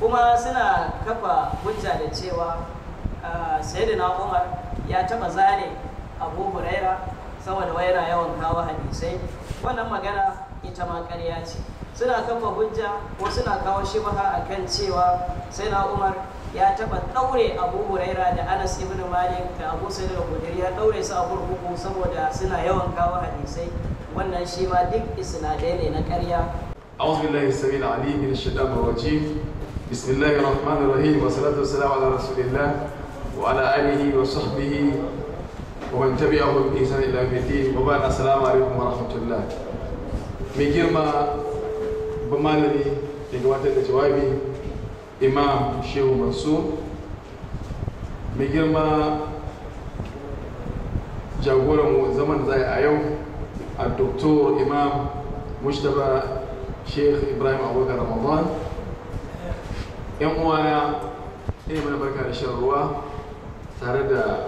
kuma suna kafa hujja da cewa sayyidina umar ya taba zane abu huraira saboda waira yawan kawo hadisai wannan magana ita ma ƙarya ce suna kafa hujja ko suna kawo a kan cewa sayyidina umar ya taba ɗaure abu huraira da anas ibn malik da abu da al ya ɗaure su a kurkuku saboda suna yawan kawo hadisai wannan shi ma duk isnadai ne na ƙarya أعوذ بالله السميع العليم من الشيطان الرجيم بسم الله الرحمن الرحيم والصلاة والسلام على رسول الله وعلى آله وصحبه ومن تبعهم بإحسان إلى يوم الدين وبعد السلام عليكم ورحمة الله mai girma ba malami da gabatar da jawabi imam shehu mansur mai girma jagoran zaman zai a yau a doktor imam mustapha sheikh ibrahim abubakar ramadan yan uwana ina mana barka da shan ruwa tare da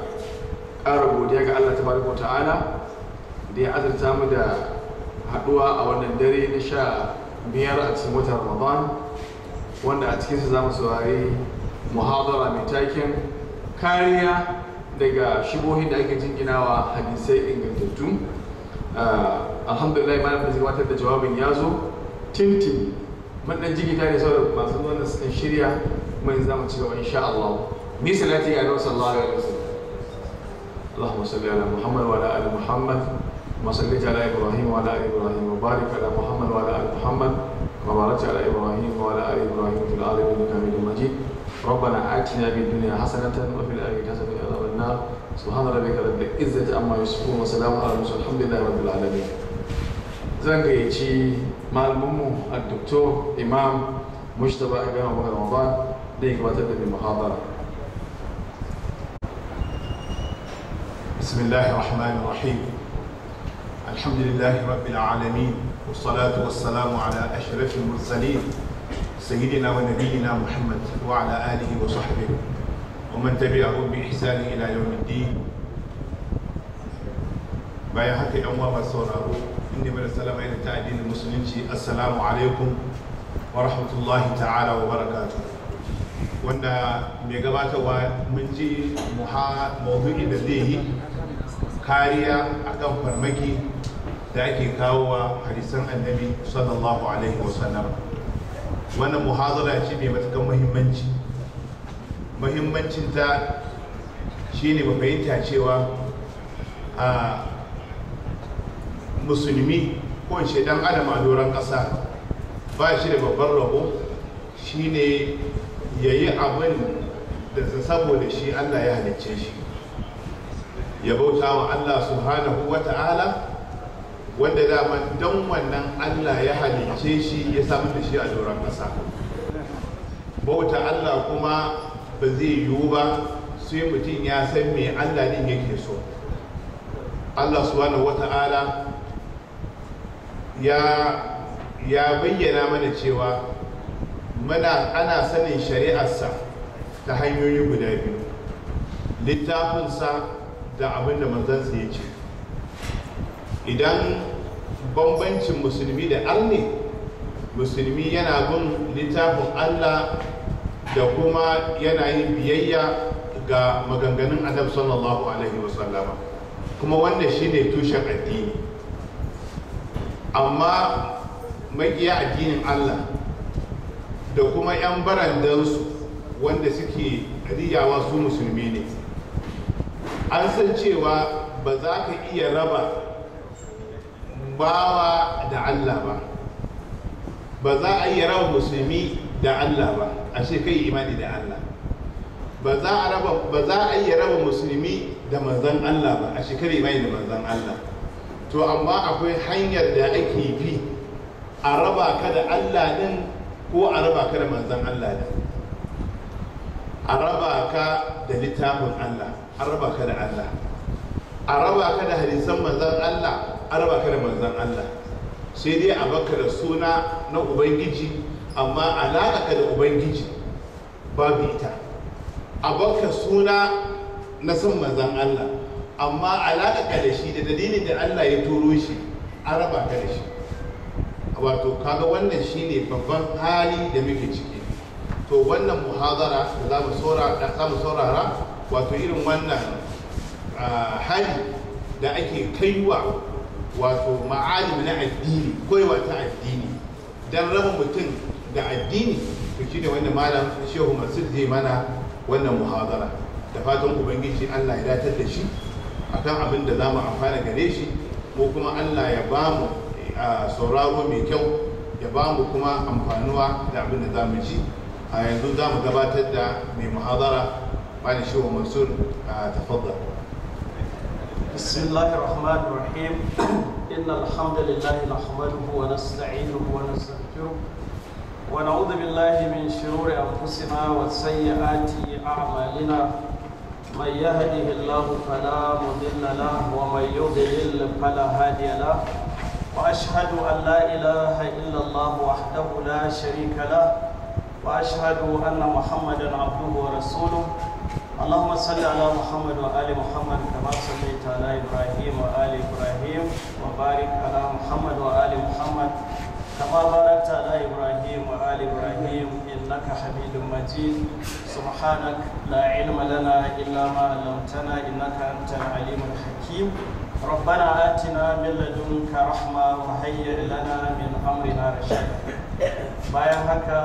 ƙara godiya ga Allah ta wa ta'ala da ya azurta mu da haɗuwa a wannan dare na sha biyar a cikin watan Ramadan wanda a cikinsa za mu saurari muhadara mai taken kariya daga shigohin da ake jinginawa hadisai ingantattu ah, alhamdulillah malam da zai watar da jawabin yazo, zo tintin mun dan jigita ne saboda masu wannan sun shirya kuma yanzu ci gaba insha Allah ni salati ya Annabi sallallahu alaihi wasallam Allahumma salli ala Muhammad wa ala ali Muhammad wa salli ala Ibrahim wa ala ali Ibrahim wa barik ala Muhammad wa ala ali Muhammad wa barik ala Ibrahim wa ala ali Ibrahim fil alamin innaka Majid ربنا آتنا في الدنيا حسنة وفي الآخرة حسنة وقنا عذاب النار سبحان ربك رب العزة عما يصفون وسلام على المرسلين الحمد لله رب العالمين zan gayyaci malaminmu a doktor imam mustapha ibn abu ramadan da بسم الله الرحمن الرحيم الحمد لله رب العالمين والصلاة والسلام على أشرف المرسلين سيدنا ونبينا محمد وعلى آله وصحبه ومن تبعه بإحسان إلى يوم الدين بايا حتى أمام inda mai salama yana ta addinin musulunci assalamu alaikum wa rahmatullahi ta'ala wa barakatu wanda mai gabatarwa mun ji maudu'in da zai yi kariya akan farmaki da ake kawo wa hadisan annabi sallallahu alaihi wa sallam wannan muhazara ce mai mahimmanci muhimmanci muhimmancinta shine mu fahimta cewa a ah, musulmi ko in shaidan dan adam a doron ƙasa ba shi da babban rabo ne ya yi abin da saboda shi allah ya halicce shi ya bauta wa allah subhanahu wa ta'ala wanda dama don wannan allah ya halicce shi ya samu da shi a doron ƙasa bauta allah kuma ba zai yiwu ba sai mutum ya san me allah din yake so allah subhanahu wa ta'ala ya bayyana mana cewa mana ana sanin shari'arsa ta hanyoyi guda biyu littafinsa da abin da manzansa ya ce idan bambancin musulmi da alni musulmi yana bin littafin allah da kuma yana yin biyayya ga maganganun adab sallallahu alaihi wasallama kuma wannan shine tushen addini amma makiya addinin allah da kuma 'yan barandansu wanda suke riyawa su musulmi ne an san cewa ba za ka iya raba bawa da allah ba ba za a iya raba musulmi da allah ba a kai imani da allah ba za a iya raba musulmi da manzan allah ba a shekarar imani da manzan allah to amma akwai hanyar da ake bi a raba ka da allah din ko a raba ka da manzan allah din a raba ka da littafin allah a raba ka da allah a raba ka da hadisan manzan allah a raba ka da manzan allah sai dai a baka da suna na ubangiji amma alaƙa da ubangiji babu ita a baka suna na san manzan allah amma alaƙa da shi da dalilin da Allah ya turo shi an raba ka da shi wato kaga wannan shine babban hali da muke ciki to wannan muhazara da za mu saurara za mu saurara wato irin wannan hali da ake kaiwa wato ma'alim na addini koyewa ta addini dan raba mutum da addini to shine wanda malam shehu masud zai mana wannan muhazara da fatan ubangiji Allah ya datar da shi akan abin da za mu amfana gare shi ko kuma allah ya ba mu sauraro mai kyau ya ba mu kuma amfanuwa da abin da za mu ji a yanzu za mu gabatar da mai muhazara bani shi wa mansur a tafadda bismillahir rahmanir rahim innal nahmaduhu wa nasta'inuhu wa nastaghfiruh wa na'udhu billahi min shururi anfusina wa sayyiati a'malina من يهده الله فلا مضل له ومن يضلل فلا هادي له واشهد ان لا اله الا الله وحده لا شريك له واشهد ان محمدا عبده ورسوله اللهم صل على محمد وآل محمد كما صليت على إبراهيم وآل إبراهيم وبارك على محمد وآل محمد كما باركت على إبراهيم وآل إبراهيم إنك حميد مجيد سبحانك لا علم لنا إلا ما علمتنا إنك أنت العليم الحكيم ربنا آتنا من لدنك رحمة وهيئ لنا من أمرنا رشدا bayan haka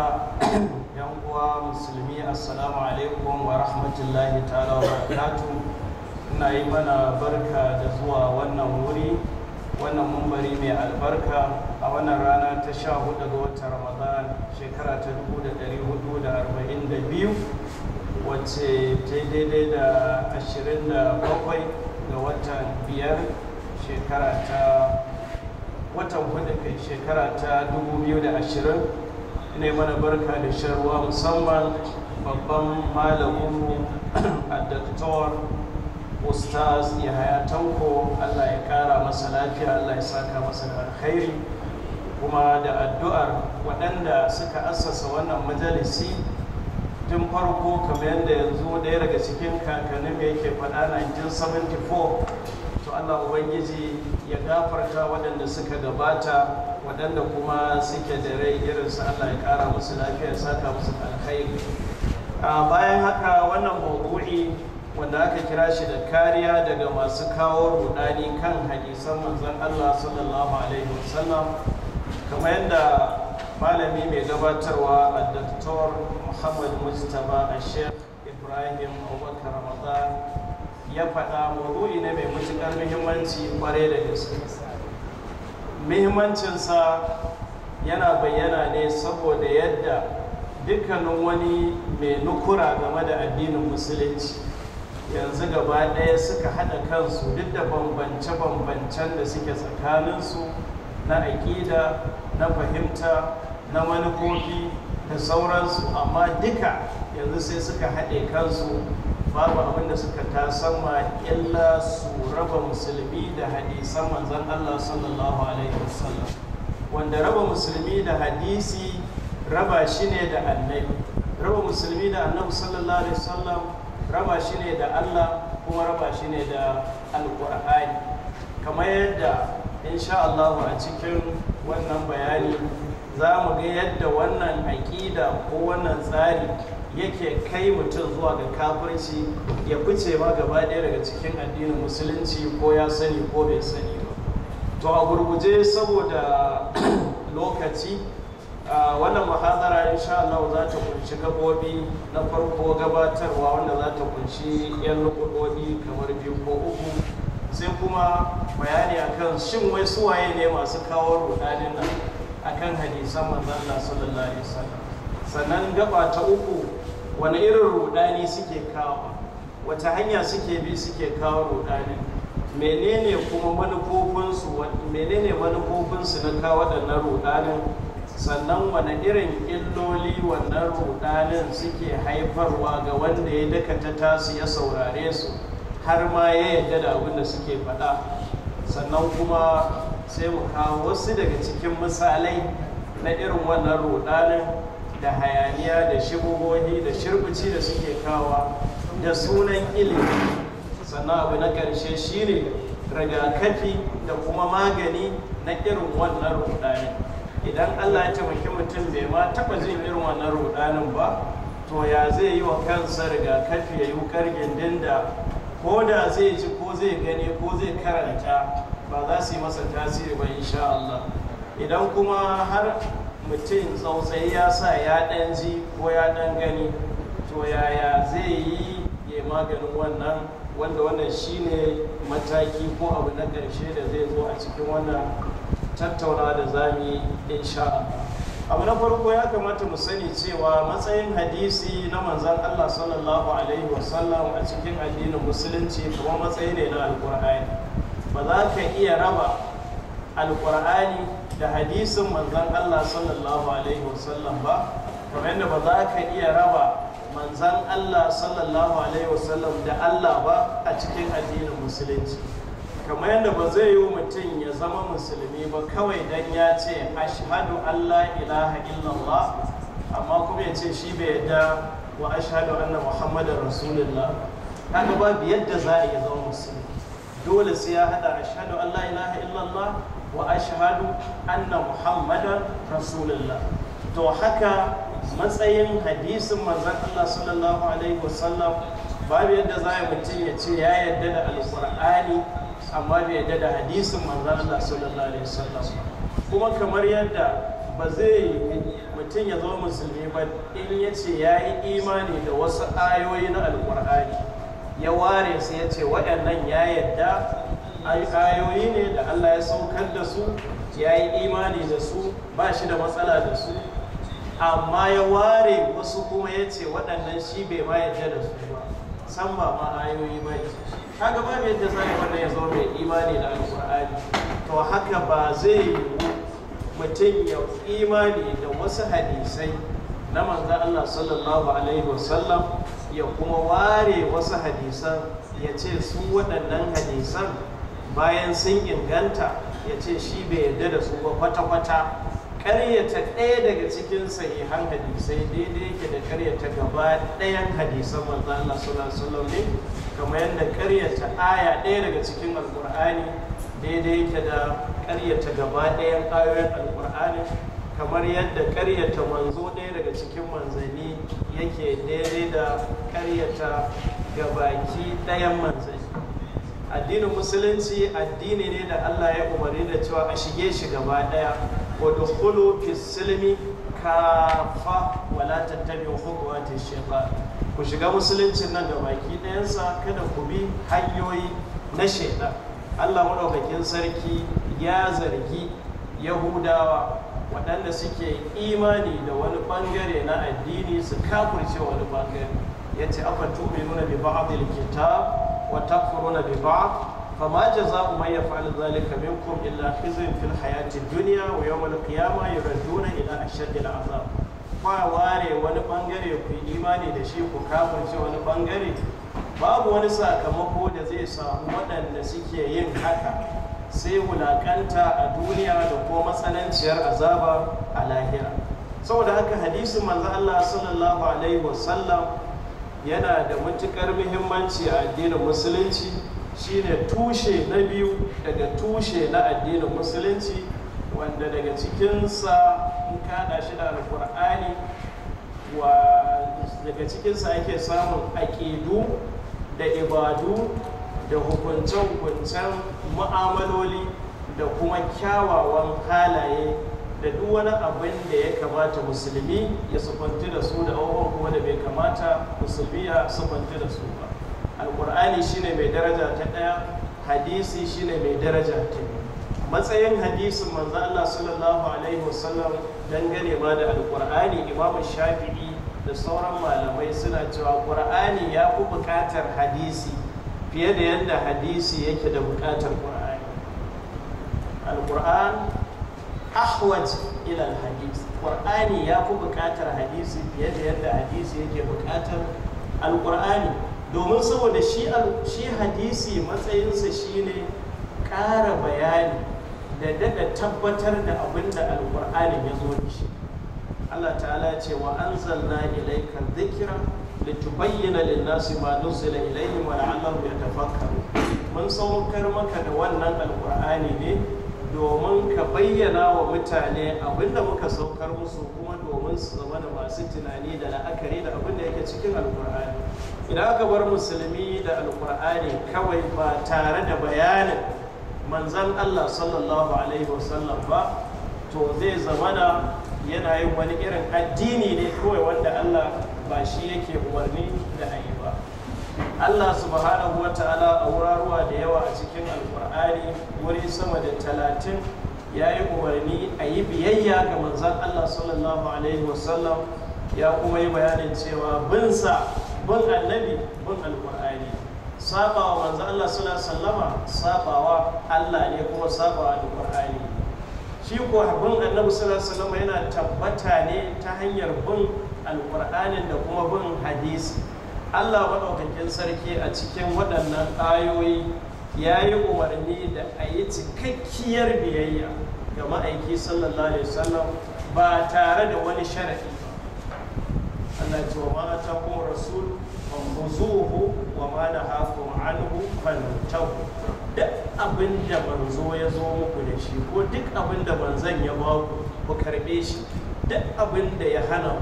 yan uwa musulmi assalamu alaikum wa rahmatullahi ta'ala wa barakatuh ina yi mana barka da zuwa wannan wuri wannan mumbari mai albarka a wannan rana ta sha hudu ga watan ramadan shekara ta dubu da da da dari hudu arba'in biyu wacce ta daidai da ashirin da bakwai ga watan biyar shekara ta watan hudu shekara ta 2020 ne mana barka da sharwa musamman babban malamin, a doktor ustaz yahaya tanko allah ya kara masa lafiya allah ya saka masa da alkhairi kuma da addu'ar waɗanda suka assasa wannan majalisi tun farko kamar yadda yanzu ɗaya daga cikin kakannin yake faɗa 1974 to allah ubangiji ya gafarta waɗanda suka gabata waɗanda kuma suke da rai irinsu allah ya kara musu lafiya ya saka musu alkhairi ah, bayan haka wannan maudu'i wanda aka kira shi da kariya daga masu kawo rudani kan hadisan manzon Allah sallallahu alaihi wasallam kamar yadda malami mai gabatarwa a Dr. Muhammad Mustapha a Sheikh Ibrahim Abubakar Ramadan ya faɗa maudu'i na mai matuƙar muhimmanci kware da gaske muhimmancinsa yana bayyana ne saboda yadda dukkanin wani mai nukura game da addinin musulunci yanzu gaba ɗaya suka haɗa kansu duk da bambance-bambancen da suke tsakaninsu na aƙida na fahimta na manufofi da sauransu amma duka yanzu sai suka haɗe kansu babu abin da suka sama illa su raba musulmi da hadisan manzan Allah sallallahu alaihi wasallam wanda raba musulmi da hadisi raba shi ne da annabi raba musulmi da annabi sallallahu alaihi wasallam raba shi ne da Allah kuma raba shi ne da alkur'ani kamar yadda insha Allah a cikin wannan bayani za mu ga yadda wannan aƙida ko wannan tsari yake kai mutum zuwa ga kafirci ya fice ma gaba ɗaya daga cikin addinin musulunci ko ya sani ko bai sani ba to a gurguje saboda lokaci Ah, wannan muhazara insha Allah za ta kunshi gabobi na farko gabatarwa wanda za ta kunshi yan gabobi kamar biyu ko uku sai kuma bayani akan shin wai suwaye ne masu kawo rudanin nan akan hadisan manzon Allah sallallahu alaihi sannan gaba ta uku wani irin rudani suke kawo wata hanya suke bi suke kawo rudanin menene kuma manufofinsu na kawo waɗannan rudanin sannan wane irin illoli wannan rudanin suke haifarwa ga wanda ya dakata tasu ya saurare su har ma ya yadda da abin da suke faɗa sannan kuma sai mu kawo wasu daga cikin misalai na irin wannan rudanin da hayaniya da shibuhohi da shirbici da suke kawa da sunan ilimi sannan abu na ƙarshe shine rigakafi da kuma magani na irin wannan rudanin idan allah ya taimaki mutum bai ma taba jin irin wannan rudanin ba to ya zai yi wa kansa rigakafi ya yi wukar gindin da ko da zai ji ko zai gani ko zai karanta ba za su yi masa tasiri ba insha allah idan kuma har mutum tsautsayi ya sa ya dan ji ko ya ɗan gani to yaya zai yi ya maganin wannan wanda wannan shine mataki ko abu na karshe da zai zo a cikin wannan tattauna da zami insha abu na farko ya kamata mu sani cewa matsayin hadisi na manzan Allah sallallahu alaihi wasallam a cikin addinin musulunci kuma matsayi ne na alkur'ani ba za ka iya raba alkur'ani da hadisin manzan Allah sallallahu alaihi wasallam ba kamar yadda ba za ka iya raba manzan Allah sallallahu alaihi wasallam da Allah ba a cikin addinin musulunci kamar yadda ba zai yi mutum ya zama musulmi ba kawai dan ya ce ashhadu allah ilaha illallah amma kuma ya ce shi bai yadda wa ashhadu anna muhammadar rasulullah kaga babu yadda za a yi zama musulmi dole sai ya hada ashhadu allah ilaha illallah wa ashhadu anna muhammadar rasulullah to haka matsayin hadisin manzon Allah sallallahu alaihi wasallam babu yadda za a mutum ya ce ya yarda da alqur'ani amma bai yadda da hadisin manzan Allah sallallahu alaihi wasallam kuma kamar yadda ba zai mutum ya zo musulmi ba in ya ce ya yi imani da wasu ayoyi na alkur'ani ya ware su ya ce waɗannan ya yadda ayoyi ne da Allah ya saukar da su ya yi imani da su ba shi da matsala da su amma ya ware wasu kuma ya ce waɗannan shi bai ma yadda da su ba san ba ma ayoyi ba kaga mai yadda zai wannan ya zama mai imani da alkur'ani to haka ba zai yiwu mutum ya imani da wasu hadisai na manzan Allah sallallahu alaihi wasallam ya kuma ware wasu hadisan ya ce su waɗannan hadisan bayan sun inganta ya ce shi bai yarda da su ba kwata-kwata karyata ɗaya daga cikin sahihan hadisai daidai yake da karyata gaba ɗayan hadisan manzan Allah sallallahu alaihi wasallam kamar yadda karyata aya ɗaya daga cikin alkur'ani daidai yake da karyata gaba ɗayan ayoyin alkur'ani kamar yadda karyata manzo ɗaya daga cikin manzanni yake daidai da karyata gabaki ɗayan Manzani. addinin musulunci addini ne da allah ya umarni da cewa a shige shi gaba ɗaya Kulu fi silmi kafa wala tattabi'u khutuwati shekwa ku shiga musuluncin nan da baki ɗayansa kada ku bi hanyoyi na shekwa Allah maɗaukakin sarki ya zargi yahudawa waɗanda suke imani da wani ɓangare na addini su kafurce wani ɓangare ya ce afa nuna bi ba'dil kitab wa takfuruna bi ba'd فما جزاء من يفعل ذلك منكم إلا خزي في الحياة الدنيا ويوم القيامة يردون إلى أشد العذاب kwa ware wani bangare ku imani da shi ku kafirce wani bangare babu wani sakamako da zai samu waɗanda suke yin haka sai wulaƙanta a duniya da kuma matsananciyar azaba a lahira saboda haka hadisin manzo Allah sallallahu alaihi wasallam yana da matukar muhimmanci a addinin musulunci Shi ne tushe na biyu daga tushe na addinin musulunci wanda daga cikinsa in kada shi da alkur'ani wa daga cikinsa ake samun aƙidu da ibadu da hukunce-hukuncen mu'amaloli da kuma kyawawan halaye da duk wani abin da ya kamata musulmi ya sufanti da su da abubuwan kuma da bai kamata musulmi ya sufanti da su ba alkur'ani shine mai daraja ta ɗaya hadisi shine mai daraja ta matsayin hadisin manzo Allah sallallahu alaihi wasallam dangane ma da Alƙur'ani, imamu shafi'i da sauran malamai suna cewa qur'ani ya fi buƙatar hadisi fiye da yadda hadisi yake da buƙatar qur'ani alkur'an ahwaj ila alhadis qur'ani ya fi buƙatar hadisi fiye da yadda hadisi yake buƙatar alkur'ani domin saboda shi hadisi matsayinsa shine ƙara bayani da daga tabbatar da abin da alƙur'anin ya zo da shi Allah ta'ala ce wa anzalna ilayka dhikra litubayyana lin-nasi ma nuzila ilayhim wa la'allahum yatafakkarun mun saukar maka da wannan alqur'ani ne domin ka bayyana wa mutane abinda muka saukar musu kuma domin su zama da masu tunani da la'akari da abinda yake cikin alqur'ani idan aka bar musulmi da alkur'ani kawai ba tare da bayanin manzan allah sallallahu alaihi wasallam ba to zai zamana yana yin wani irin addini ne kawai wanda allah ba shi yake umarni da ayi ba allah subhanahu wa ta'ala a wuraruwa da yawa a cikin alkur'ani wuri sama da talatin ya yi umarni a yi biyayya ga manzan allah sallallahu alaihi wasallam ya kuma yi bayanin cewa binsa bin annabi bin alqur'ani sabawa manzo Allah sallallahu alaihi wasallama sabawa Allah ne kuma sabawa alqur'ani shi ko bin annabi sallallahu alaihi wasallama yana tabbata ne ta hanyar bin alqur'anin da kuma bin hadisi Allah maɗaukakin sarki a cikin waɗannan ayoyi ya yi umarni da a yi cikakkiyar biyayya ga ma'aiki sallallahu alaihi wasallam ba tare da wani sharafi Allah ya ce wa ma ta kuma rasul fanfuzuhu wa ma na hafu anhu fantau duk abin da manzo ya zo muku da shi ko duk abin da manzon ya ba ku ku karbe shi duk abin da ya hana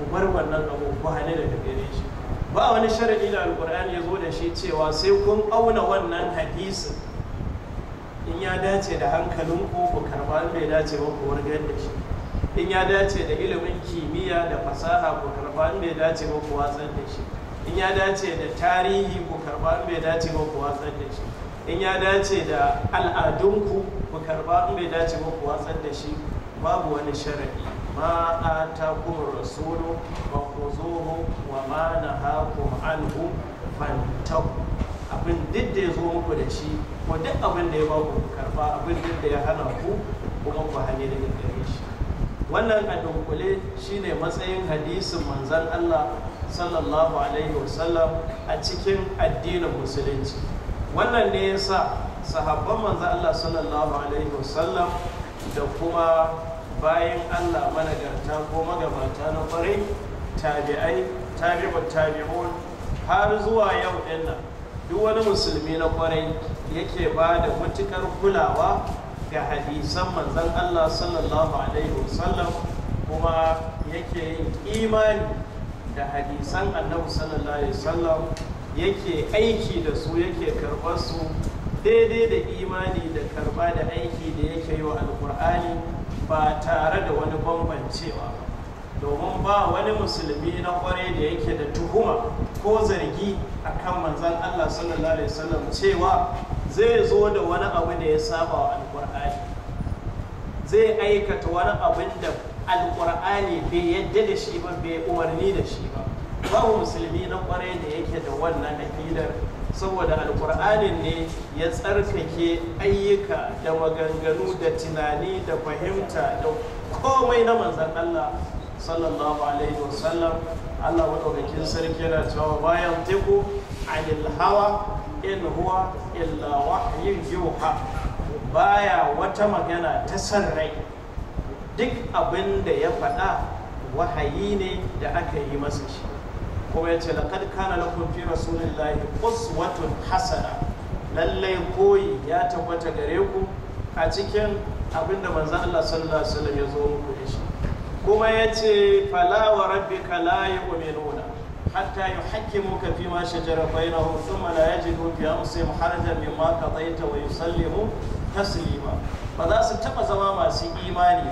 ku bar wannan abu ku hane da gare shi ba wani sharadi da alkur'ani ya zo da shi cewa sai kun auna wannan hadisin in ya dace da hankalin ku karba in bai dace ba ku wargar da shi in ya dace da ilimin kimiyya da fasaha ku karba in bai dace ba ku watsar da shi in ya dace da tarihi ku karba in bai dace ba ku watsar da shi in ya dace da al'adunku ku karba in bai dace ba ku watsar da shi babu wani sharadi ma atakum rasulu wa khuzuhu wa ma nahakum anhu fantahu abin duk da ya zo muku da shi ko duk abin da ya ba ku karba abin duk da ya hana ku kuma ku hanyar da ya shi wannan a dunkule shine matsayin hadisin manzan Allah sallallahu alaihi wasallam a cikin addinin musulunci wannan ne yasa sahabban manzan Allah sallallahu alaihi wasallam da kuma bayan Allah managarta ko magabata na kwarai tabi'ai tabi'ut tabi'un har zuwa yau dinnan duk wani musulmi na kwarai yake ba da matukar kulawa Ga hadisan manzan Allah sallallahu alaihi wasallam kuma yake yin imani da hadisan annabi sallallahu alaihi wasallam yake aiki da su yake karɓar su daidai da imani da karɓa da aiki da yake yi wa alkur'ani ba tare da wani bambancewa domin ba wani musulmi na kwarai da yake da tuhuma ko zargi akan manzan Allah sallallahu alaihi wasallam cewa zai zo da wani abu da ya saba wa alƙur'ani zai aikata wani abin da alƙur'ani bai yadda da shi ba bai umarni da shi ba babu musulmi na kwarai da yake da wannan aƙidar saboda alkur'ani ne ya tsarkake ayyuka da maganganu da tunani da fahimta da komai na manzan Allah sallallahu alaihi wasallam Allah maɗaukakin sarki yana cewa bayan teku anil hawa in huwa illa yin yuha baya wata magana ta san rai. duk abin da ya faɗa wahayi ne da aka yi masa shi kuma ya ce laqad kana lakum fi rasulillahi uswatun hasana lallai koyi ya tabbata gare ku a cikin abin da manzon Allah sallallahu alaihi wasallam ya zo muku da shi kuma ya ce fala wa rabbika la yu'minuna حتى يحكموك فيما شجر بينهم ثم لا يجدوا في أنفسهم حرجا مما قضيت ويسلموا تسليما فذا ستبقى زماما سي إيماني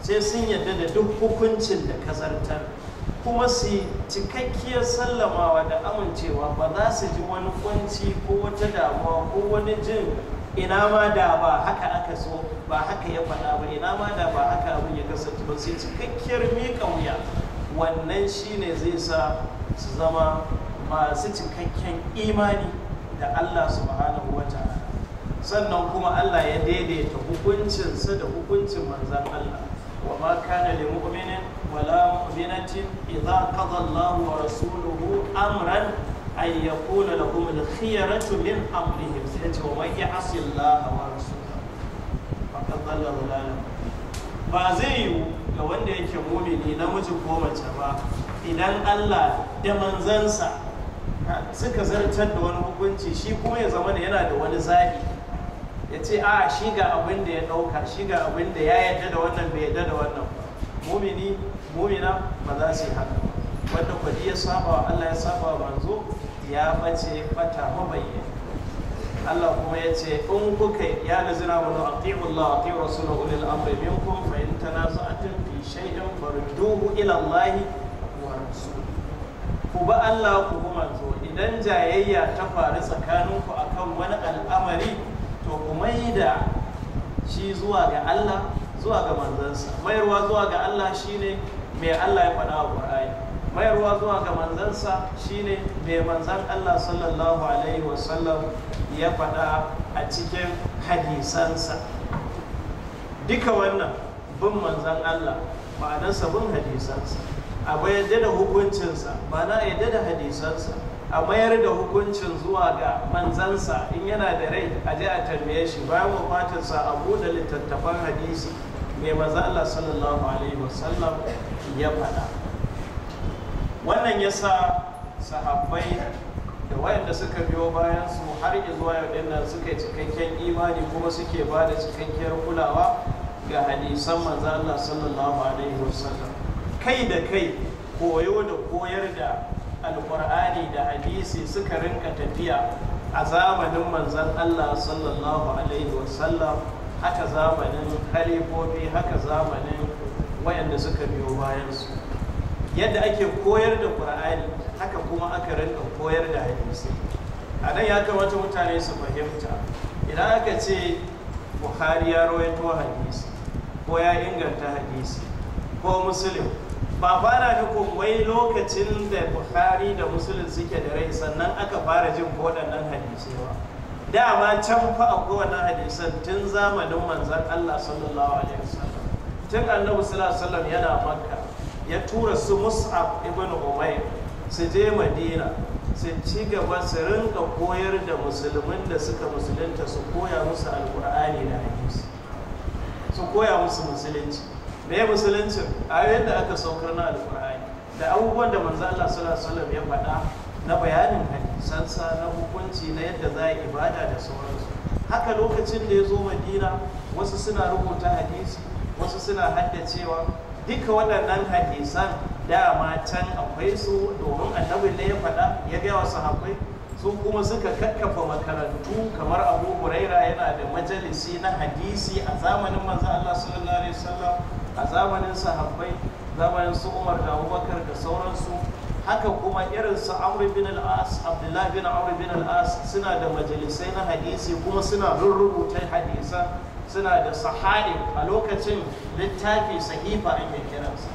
sai sun yadda da duk hukuncin da ka zartar kuma su cikakkiyar sallamawa da amincewa ba za su ji wani kunci ko wata damuwa ko wani jin ina ma da ba haka aka so ba haka ya faɗa ba ina ma da ba haka abin ya kasance ba sai cikakkiyar miƙa wuya wannan shine zai sa su zama masu cikakken imani da Allah subhanahu wa ta'ala sannan kuma Allah ya daidaita hukuncinsa da hukuncin manzan Allah wa ma kana lil mu'minin wala mu'minatin idza qada Allahu wa rasuluhu amran ay yakuna lahum al khiyaratu min amrihim sai ce wa man ya'si Allah wa rasuluhu faqad dhalla dhalalan ba zai ga wanda yake mumini namiji ko mace ba idan Allah da manzansa suka zartar da wani hukunci shi kuma ya zama da yana da wani zaɓi ya ce a shi ga abin da ya ɗauka shi ga abin da ya yadda da wannan bai yadda da wannan mumini mumina ba za su yi haka wanda kwadi ya saba wa Allah ya saba wa manzo ya bace bata mabayyana Allah kuma ya ce in kuka ya zina wani ati'u Allah ati'u rasulullah ulil amri minkum fa in tanaza'tum shay'in farudduhu ila Allah wa rasul ku ba Allah ku bi manzo idan jayayya ta faru tsakaninku akan wani al'amari to ku maida shi zuwa ga Allah zuwa ga manzansa mayarwa zuwa ga Allah shine mai Allah ya faɗa a Qur'ani mayarwa zuwa ga manzansa shine mai manzan Allah sallallahu alaihi wa sallam ya faɗa a cikin hadisansa duka wannan bin manzan Allah ma'anar bin hadisansa a yadda da hukuncinsa ba na yadda da hadisansa a mayar da hukuncin zuwa ga manzansa in yana da rai a je a tambaye shi bayan mafatinsa a buɗe littattafan hadisi mai maza Allah sallallahu alaihi wasallam ya faɗa wannan ya sa sahabbai da wayanda suka biyo bayan su har zuwa yau dinnan suka yi cikakken imani kuma suke ba da cikakkiyar kulawa ga hadisan manzan Allah sallallahu alaihi wasallam kai da kai koyo da koyar da alkur'ani da hadisi suka rinka tafiya a zamanin manzan Allah sallallahu alaihi wasallam haka zamanin halifofi haka zamanin wayanda suka biyo bayansu yadda ake koyar da ƙur'ani haka kuma aka rinka koyar da hadisi a nan ya kamata mutane su fahimta idan aka ce buhari ya rawaito hadisi ko ya inganta hadisi ko musulun ba fara nufin wai lokacin da bukhari da musulun suke da rai sannan aka fara jin waɗannan hadisi ba dama can fa a kowane hadisan tun zamanin manzon Allah sallallahu alaihi wasallam tun annabi sallallahu alaihi wasallam yana makka ya tura su mus'ab ibn umayr su je madina su ci gaba su rinka koyar da musulmin da suka musulunta su koya musu alkur'ani da hadisi su koya musu musulunci me musulunci ayoyin da aka saukar na alkur'ani da abubuwan da manzo Allah sallallahu ya faɗa na bayanin hadisansa na hukunci na yadda za a ibada da sauransu haka lokacin da ya zo madina wasu suna rubuta hadisi wasu suna haddacewa duka waɗannan hadisan dama can akwai su domin annabi ne ya faɗa ya gaya wasu su kuma suka kakkafa makarantu kamar abu huraira yana da majalisi na hadisi a zamanin manzo Allah sallallahu alaihi wasallam a zamanin sahabbai zamanin su Umar da Abubakar da sauransu haka kuma irin su Amr bin al-As Abdullah bin Amr bin al-As suna da majalisai na hadisi kuma suna rubuta hadisa suna da sahari a lokacin littafi sahifa ake kiransa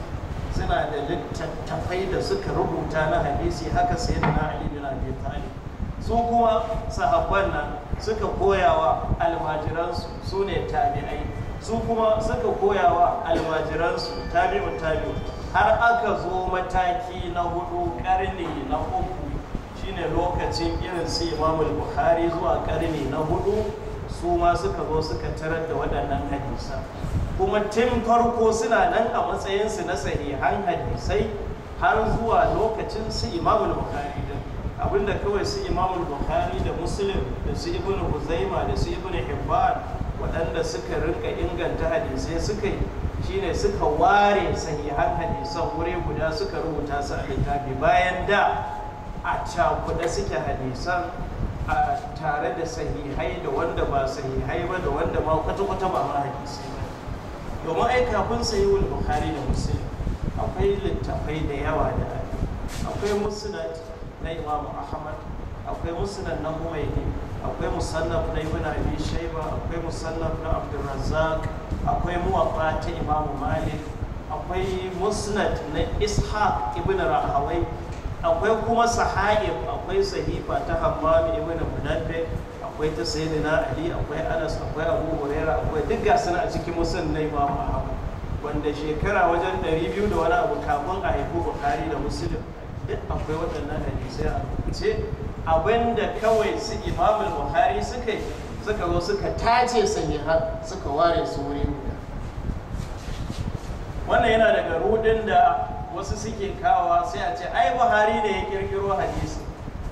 suna da littattafai da suka rubuta na hadisi haka sayyidina Ali bin Abi Talib su kuma sahabban nan suka koyawa almajiransu su ne tabi'ai su kuma suka koyawa almajiransu tabi'u tabiu har aka zo mataki na hudu karni na uku shine lokacin irin su imamul bukhari zuwa karni na hudu su ma suka zo suka tarar da waɗannan hadisa kuma tun farko suna nan a matsayinsu na sahihan hadisai har zuwa lokacin su imamul bukhari din abinda kawai su imamu bukhari da muslim da su ibn huzaima da su ibn hibban waɗanda suka rinka inganta hadisai suka yi shine suka ware sanyi sahihan hadisan wuri guda suka rubuta su a littafi bayan da a cakuɗa suke hadisan a tare da sahihai da wanda ba sahihai ba da wanda ma kwata-kwata ba ma hadisai ba domin ai kafin wani bukhari da muslim akwai littafai da yawa da akwai musnad na imamu ahmad akwai musulun na humaini akwai musallaf na ibn abi shaiba akwai musallaf na abdurrazzaq akwai muwafa ta imamu malik akwai musnad na ishaq ibn rahawai akwai kuma sahaib akwai sahifa ta hammam ibn munabbi akwai ta sayyidina ali akwai anas akwai abu huraira akwai duk ga suna a cikin musnad na imamu ahmad wanda shekara wajen 200 da wani abu kafin a haifu bukari da musulun. duk akwai waɗannan hadisai a rubuce abinda kawai su imamul buhari suka yi suka zo suka tace har suka ware su wuri guda wannan yana daga rudin da wasu suke kawowa sai a ce ai buhari ne ya kirkiro hadisi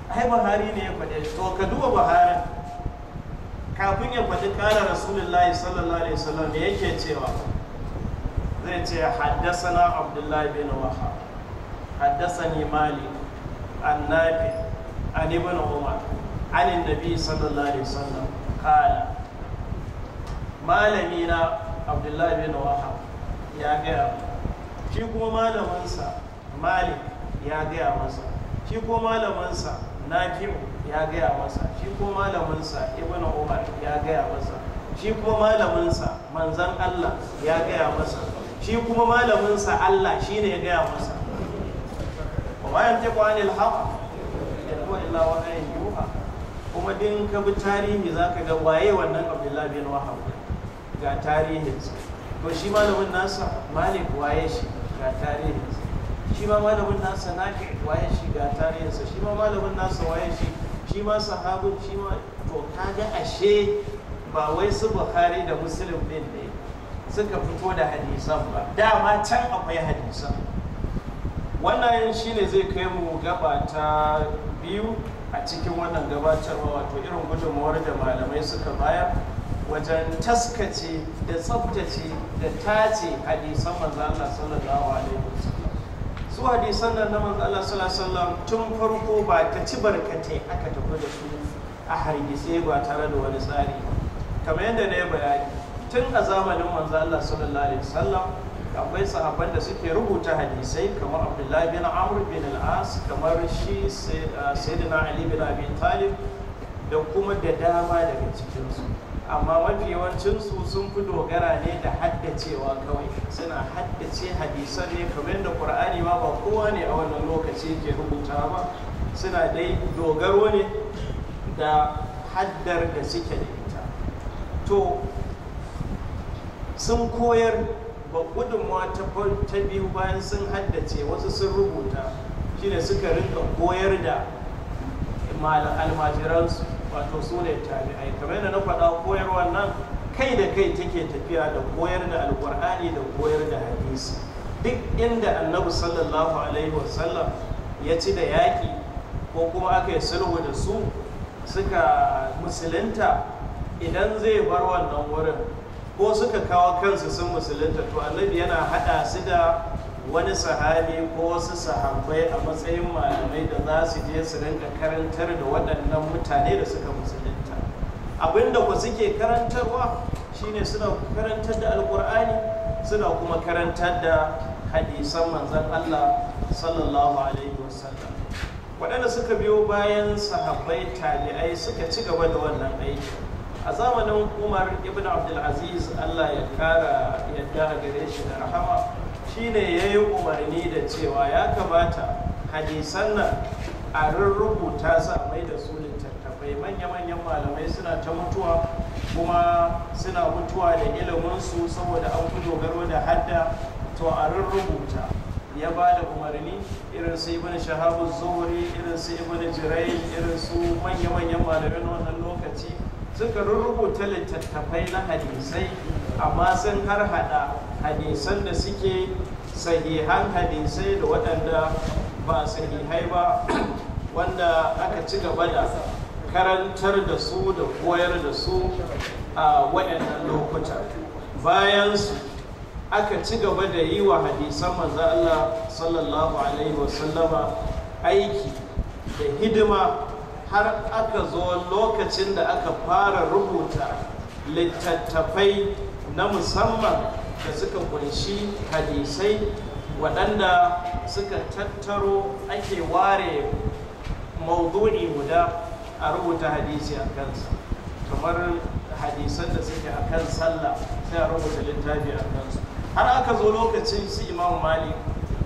ai buhari ne ya faɗe to ka duba buhari kafin ya faɗi ƙara rasulullahi sallallahu alaihi wasallam yake cewa zai ce haddasa na abdullahi bin wahab حدثني مالك عن نافع عن ابن عمر عن النبي صلى الله عليه وسلم قال malamina abdullahi bin wahab ya gaya shi ko malaminsa malik ya gaya masa shi ko malaminsa nafi'u ya gaya masa shi ko malaminsa ibn umar ya gaya masa shi kuma malaminsa manzan allah ya gaya masa shi kuma malaminsa allah shine ya gaya masa wa yantiqu anil haqq in huwa illa wahyun yuha kuma din ka bi tarihi zaka ga waye wannan Abdullah bin Wahab ga tarihinsa to shi malamin nasa Malik waye shi ga tarihinsa shi ma malamin nasa Nafi waye shi ga tarihinsa shi ma malamin nasa waye shi shi ma sahabin shi ma to kaga ashe ba wai su Bukhari da Muslim din ne suka fito da hadisan ba dama can akwai hadisan wannan shine zai kai mu gaba ta biyu a cikin wannan gabatarwa wato irin gudunmawar da malamai suka bayar wajen taskace da tsaftace da tace hadisan manzo Allah sallallahu alaihi wasallam su hadisan nan na manzo Allah sallallahu alaihi tun farko ba ta ci barkatai aka tafi da su a hargitse ba tare da wani tsari kamar yadda na yi bayani tun a zamanin manzo Allah sallallahu alaihi wasallam akwai sahabban da suke rubuta hadisai kamar abdullahi bin amr bin al'as kamar shi uh, sayyidina ali bin abi talib da kuma da dama daga cikinsu amma mafi yawancinsu sun fi dogara ne da haddacewa kawai suna haddace hadisan ne kamar da qur'ani ma ba kowa ne a wannan lokaci ke rubuta ba suna dai dogaro ne da haddar da suke da ita to sun koyar ba gudunmawa ta biyu bayan sun haddace wasu sun rubuta shine suka rinka koyar da almajiransu wato su ne tabi'ai kamar yadda na faɗa koyarwar nan kai da kai take tafiya da koyar da alkur'ani da koyar da hadisi duk inda annabi sallallahu alaihi wasallam ya ci da yaƙi ko kuma aka yi sulhu da su suka musulunta idan zai bar wannan wurin ko suka kawo kansu sun musulunta to annabi yana haɗa su da wani sahabi ko wasu sahabbai a matsayin malamai da za su je su rinka karantar da waɗannan mutane da suka musulunta abinda ku suke karantarwa shine suna karantar da alkur'ani suna kuma karantar da hadisan manzan Allah sallallahu alaihi wasallam waɗanda suka biyo bayan sahabbai tabi'ai suka ci gaba da wannan aiki a zamanin umar ibn abdulaziz allah ya kara yadda a gare shi da rahama ne ya yi umarni da cewa ya kamata hadisan nan a rubuta su a mai da su littattafai manya-manyan malamai suna ta mutuwa kuma suna mutuwa da iliminsu saboda an fi dogaro da hadda to a rubuta ya ba da umarni irin su ibn shahabu zuhuri irin su ibn jirai irin su manya-manyan malamai na wannan lokaci suka rubuta littattafai na hadisai amma sun har hada hadisan da suke sahihan hadisai da waɗanda ba sahihai ba wanda aka ci gaba da karantar da su da koyar da su a waɗannan lokuta bayan su aka ci gaba da yi wa hadisan manzo Allah sallallahu alaihi wasallama aiki da hidima har aka zo lokacin da aka fara rubuta littattafai na musamman da suka kunshi hadisai waɗanda suka tattaro ake ware maudu'i guda a rubuta hadisi a kansa kamar hadisan da suke a kan sallah sai a rubuta littafi a kansu har aka zo lokacin su imam malik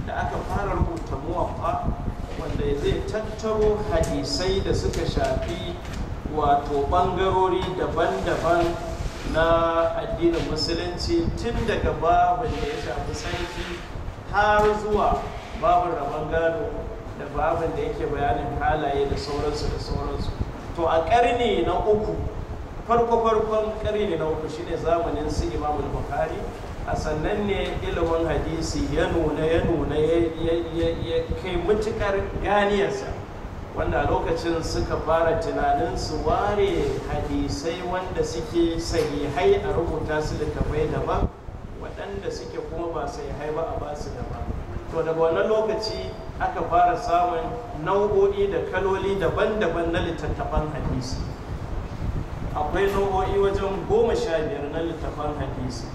da aka fara rubuta muwaffa wanda zai tattaro hadisai da suka shafi wato bangarori daban-daban na addinin musulunci tun daga babu da ya shafi sarki har zuwa babu rabon gado da babu da yake bayanin halaye da sauransu da sauransu to a ƙarni na uku farko-farkon ƙarni na uku shine zamanin su imamul bukhari a sannan ne ilimin hadisi ya nuna ya nuna ya kai matukar ganiyarsa wanda lokacin suka fara tunanin su ware hadisai wanda suke sahihai a rubuta su tafai daban waɗanda suke kuma ba sahihai ba a ba su daban to daga wannan lokaci aka fara samun nau'o'i da kaloli daban-daban na littattafan hadisi akwai nau'o'i wajen goma sha biyar na littattafan hadisi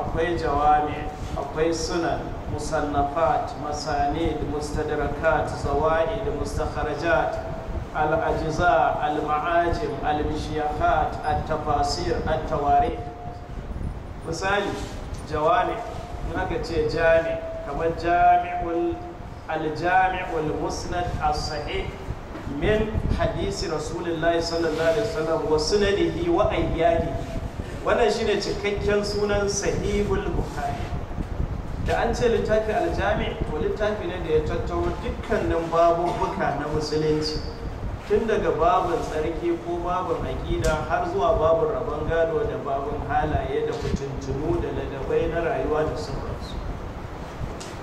akwai jawami akwai sunan musannafat masanid mustadrakat zawaid mustakharajat al-ajza al-ma'ajim al-mishyahat at-tafasir at-tawarikh misali jawami in aka ce jami kamar jami'ul al-jami'ul musnad as-sahih min hadisi rasulullahi sallallahu alaihi wasallam wa sunanihi wa ayyadihi wannan shine cikakken sunan sahihul bukhari da an ce littafi aljami to littafi ne da ya tattauro dukkanin babubuka na musulunci tun daga babin tsarki ko babin aƙida har zuwa babin rabon gado da babin halaye da fitintunu da ladabai na rayuwa da sauransu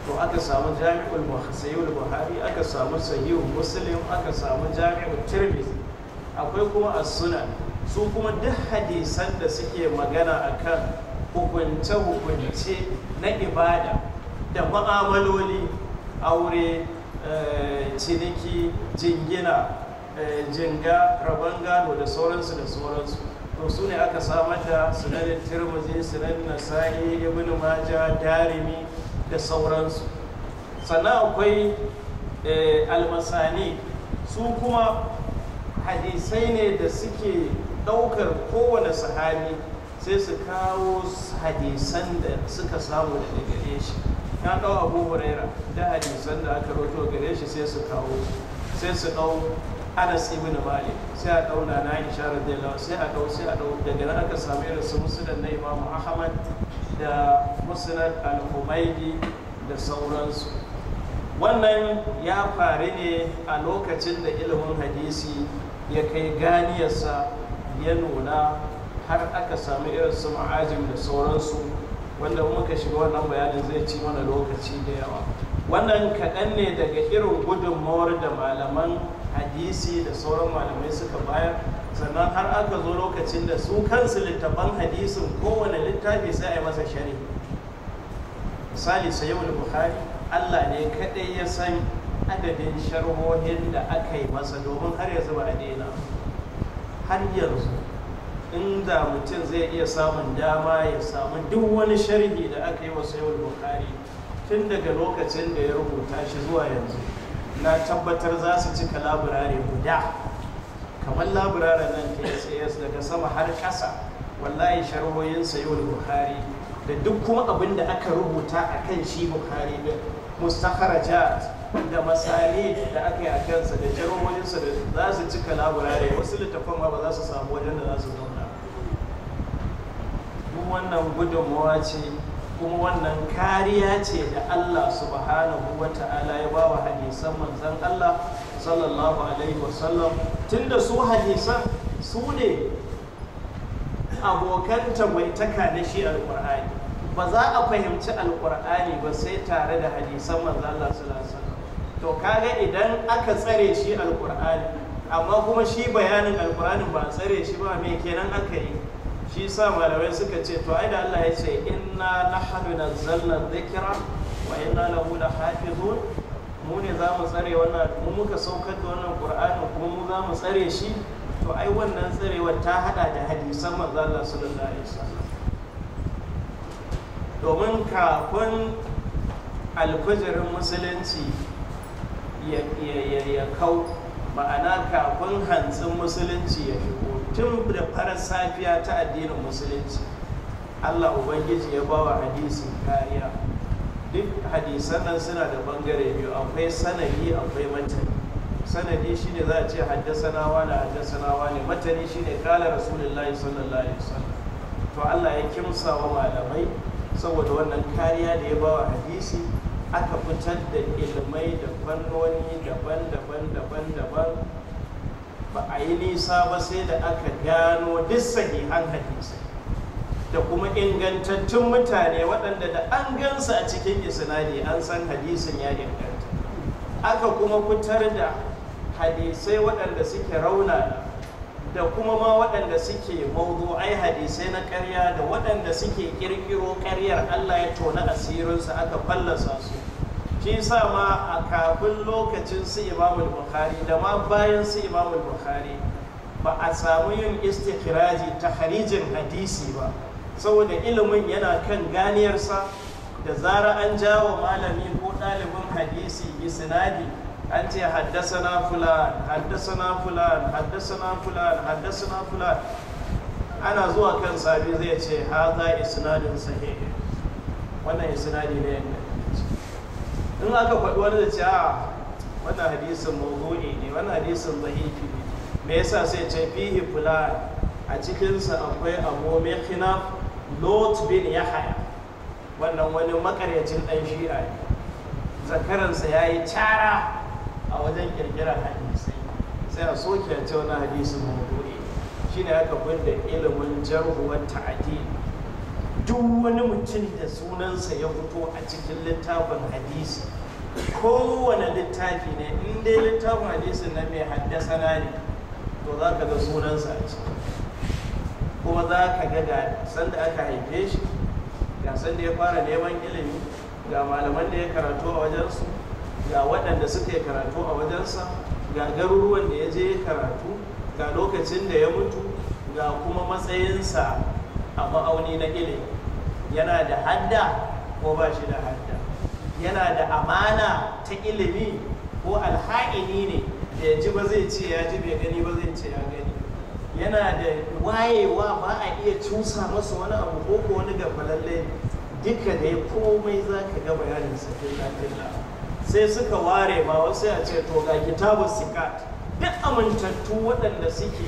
to aka samu jami'ul buhari aka samu sahihul muslim aka samu jami'ul tirmidhi akwai kuma as-sunan su kuma duk hadisan da suke magana akan hukunce-hukunce na ibada da ma'amaloli aure eh, ciniki jingina eh, jinga rabon gano, da sauransu da sauransu to su ne aka samar da sunanin turmuzi sunanin nasa'i ibn maja darimi da sauransu sannan akwai eh, almasani su kuma hadisai ne da suke ɗaukar kowane sahabi sai su kawo hadisan da suka samu daga gare shi ya ɗau abu huraira da hadisan da aka roto gare shi sai su kawo sai su ɗau anas ibn malik sai a ɗau na aisha radiyallahu sai a ɗau sai a ɗau daga nan aka samu da su musnad na imam ahmad da musnad al-humaidi da sauransu wannan ya faru ne a lokacin da ilimin hadisi ya kai ganiyarsa ya nuna har aka sami irin su ma'ajin da sauransu wanda muka shiga wannan bayanin zai ci mana lokaci da yawa wannan kaɗan ne daga irin gudunmawar da malaman hadisi da sauran malamai suka bayar sannan har aka zo lokacin da su kansu littafan hadisin kowane littafi sai a yi masa shari misali da Buhari, allah ne kaɗai ya san adadin sharhohin da aka yi masa domin har yanzu ba a daina har yanzu inda mutum zai iya samun dama ya samu duk wani sharhi da aka yi wa sayar bukari tun daga lokacin da ya rubuta shi zuwa yanzu na tabbatar za su cika laburare guda kamar laburare nan ta daga sama har ƙasa wallahi sharhoyin sayar bukari da duk kuma abin da aka rubuta a kan shi bukari da mustakharajat da masani da aka yi a kansa da jarumominsa da za su cika laburare wasu littafan ma ba za su samu wajen da za su zauna kuma wannan gudunmawa ce kuma wannan kariya ce da Allah subhanahu wa ta'ala ya ba wa hadisan manzan Allah sallallahu alaihi wa sallam tunda su hadisan su ne abokan tagwaitaka na shi alkur'ani ba za a fahimci alkur'ani ba sai tare da hadisan manzan Allah sallallahu alaihi sallam to kaga idan aka tsare shi alkur'ani amma kuma shi bayanin alkur'ani ba tsare shi ba me kenan aka yi shi sa malamai suka ce to ai da Allah ya ce inna nahnu nazzalna dhikra wa inna lahu lahafizun mu ne za mu tsare wannan mu muka saukar da wannan qur'ani kuma mu za mu tsare shi to ai wannan tsarewar ta hada da hadisan manzo Allah sallallahu alaihi wasallam domin kafin alkujirin musulunci ya kau ma'ana kafin hantsin musulunci ya shigo tun da farar safiya ta addinin musulunci allah ubangiji ya bawa hadisi kariya duk hadisan nan suna da bangare biyu akwai sanadi akwai matani sanadi shine za a ce haddasana wani haddasana wani matani shine kala rasulullahi sallallahu alaihi wasallam to allah ya kimsa wa malamai saboda wannan kariya da ya bawa hadisi aka fitar da ilmai da fannoni daban-daban daban-daban ba a yi nisa ba sai da aka gano duk sahihan hadisai da kuma ingantattun mutane waɗanda da an gansa a cikin isnadi an san hadisin ya inganta aka kuma fitar da hadisai waɗanda suke raunana da kuma ma waɗanda suke ai hadisai na ƙarya da waɗanda suke ƙirƙiro ƙaryar Allah ya tona asirinsu aka fallasa su shi sa ma a kafin lokacin su imamul bukhari da ma bayan su imamul bukhari ba a samu yin istikhiraji ta harijin hadisi ba saboda ilimin yana kan ganiyarsa da zara an jawo malami ko ɗalibin hadisi isnadi an ce haddasana fulan haddasana fulan haddasana fulan haddasana fulan ana zuwa kan sabi zai ce haza isnadin sahih wannan isnadi ne in aka faɗi wani da ce a wannan hadisin mawdu'i ne wannan hadisin zahifi ne me yasa sai ce fihi a cikinsa akwai abu mai khilaf lot bin wannan wani maƙaryacin ɗan shi'a ne zakaransa ya yi cara a wajen kirkirar hadisai sai a soke a ce wani hadisi mawdu'i shine aka gwada ilimin jarhuwar ta'adi duk wani mutum da sunansa ya fito a cikin littafin hadisi kowane littafi ne in dai littafin hadisi na mai haddasa na ne to za ka ga sunansa a ciki kuma za ka ga ga sanda aka haife shi ga sanda ya fara neman ilimi ga malaman da ya karatu a wajensu ga waɗanda suka yi karatu a wajensa ga garuruwan da ya je karatu ga lokacin da ya mutu ga kuma matsayinsa a ma'auni na ilimi yana da hadda ko ba shi da hadda yana da amana ta ilimi ko alha'ini ne da ya ji ba zai ce ya ji bai gani ba zai ce ya gani yana da wayewa ba a iya cusa masa wani abu ko ko wani gafalalle duka da ya komai za ka ga bayanin sa filla sai suka ware ma wasu ya ce to ga kitabu sikat duk amintattu waɗanda suke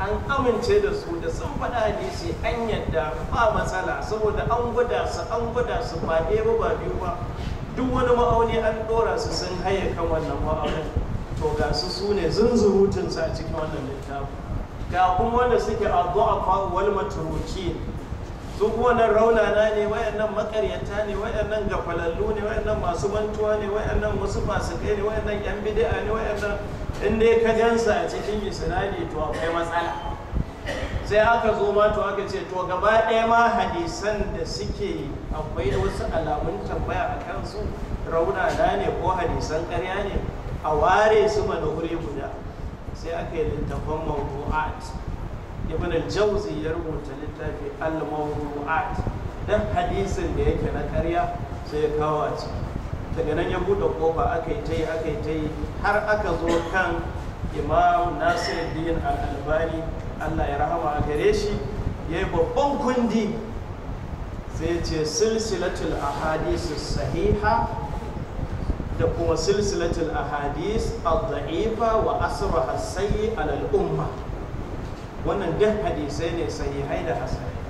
an amince da su da sun faɗa hadisi an yadda ba matsala saboda an gwada su an gwada su ba ɗaya ba biyu ba duk wani ma'auni an ɗora su sun haye kan wannan ma'aunin to ga su su ne zunzurutunsa a cikin wannan littafi ga kuma wanda suke a zuwa wal maturuki su kuma nan raunana ne wayannan makaryata ne wayannan gafalallu ne wayannan masu mantuwa ne wayannan wasu kai ne wayannan yan bid'a ne wayannan in dai ka gansa a cikin isra'ili to akwai matsala sai aka zo ma to aka ce to gaba ɗaya ma hadisan da suke akwai wasu alamun tambaya a kansu raunana ne ko hadisan ƙarya ne a ware su mana wuri guda sai aka yi littafan mawdu'at ibn al-jawzi ya rubuta littafi al-mawdu'at dan hadisin da yake na karya sai ya kawo a ciki daga nan ya bude kofa aka yi ta yi aka yi ta yi har aka zo kan imam nasiruddin al-albani Allah ya rahama a gare shi ya yi babban kundi sai ce silsilatul ahadis sahiha da kuma silsilatul ahadis al-da'ifa wa asraha sayyi al-umma wannan duk hadisai ne sahihai da hasanai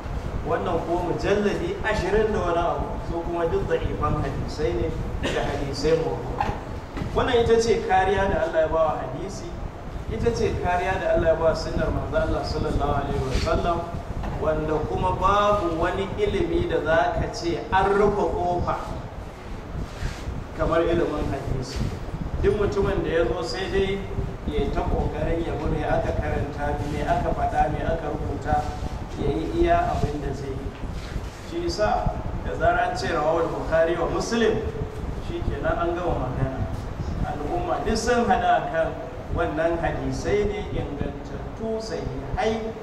wannan ko mujalladi ashirin da wani abu su kuma duk da'ifan hadisai ne da hadisai mawdu wannan ita ce kariya da Allah ya ba wa hadisi ita ce kariya da Allah ya ba sunnar manzo Allah sallallahu alaihi wa sallam wanda kuma babu wani ilimi da za ka ce an rufe kofa kamar ilimin hadisi duk mutumin da ya zo sai dai ya ta kokarin ya ya aka karanta me aka faɗa me aka rubuta ya yi iya abin da zai yi shi sa da zara ce rawar bukari wa musulun shi kenan an gama magana al'umma duk sun hada kan wannan hadisai ne ingantattu sahihai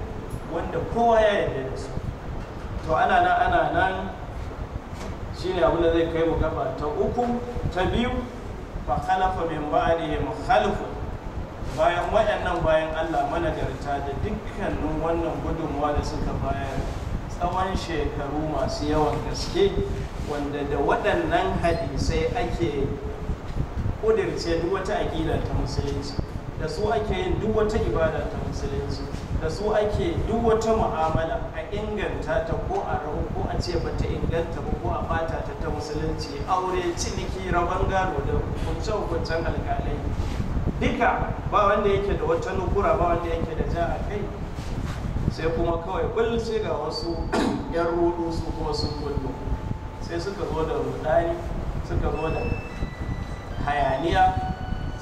wanda kowa ya yarda da su to ana nan ana nan shine abin da zai kai mu gaba ta uku ta biyu fa khalafa min ba'dihim khalafun bayan waɗannan bayan allah managarta da dukkanin wannan gudunmawa da suka bayar tsawon shekaru masu yawan gaske wanda da waɗannan hadisai ake ƙudirce duk wata aƙila ta musulunci da su ake yin duk wata ibada ta musulunci da su ake duk wata mu'amala a inganta ta ko a rahu ko a ce ba ta inganta ba ko a bata ta ta musulunci aure ciniki rabon gado da hukuncen hukuncen alƙalai duka ba wanda yake da wata nukura ba wanda yake da ja a kai sai kuma kawai kullum sai ga wasu yan rudu su kuma sun kullu sai suka zo da rudani suka zo da hayaniya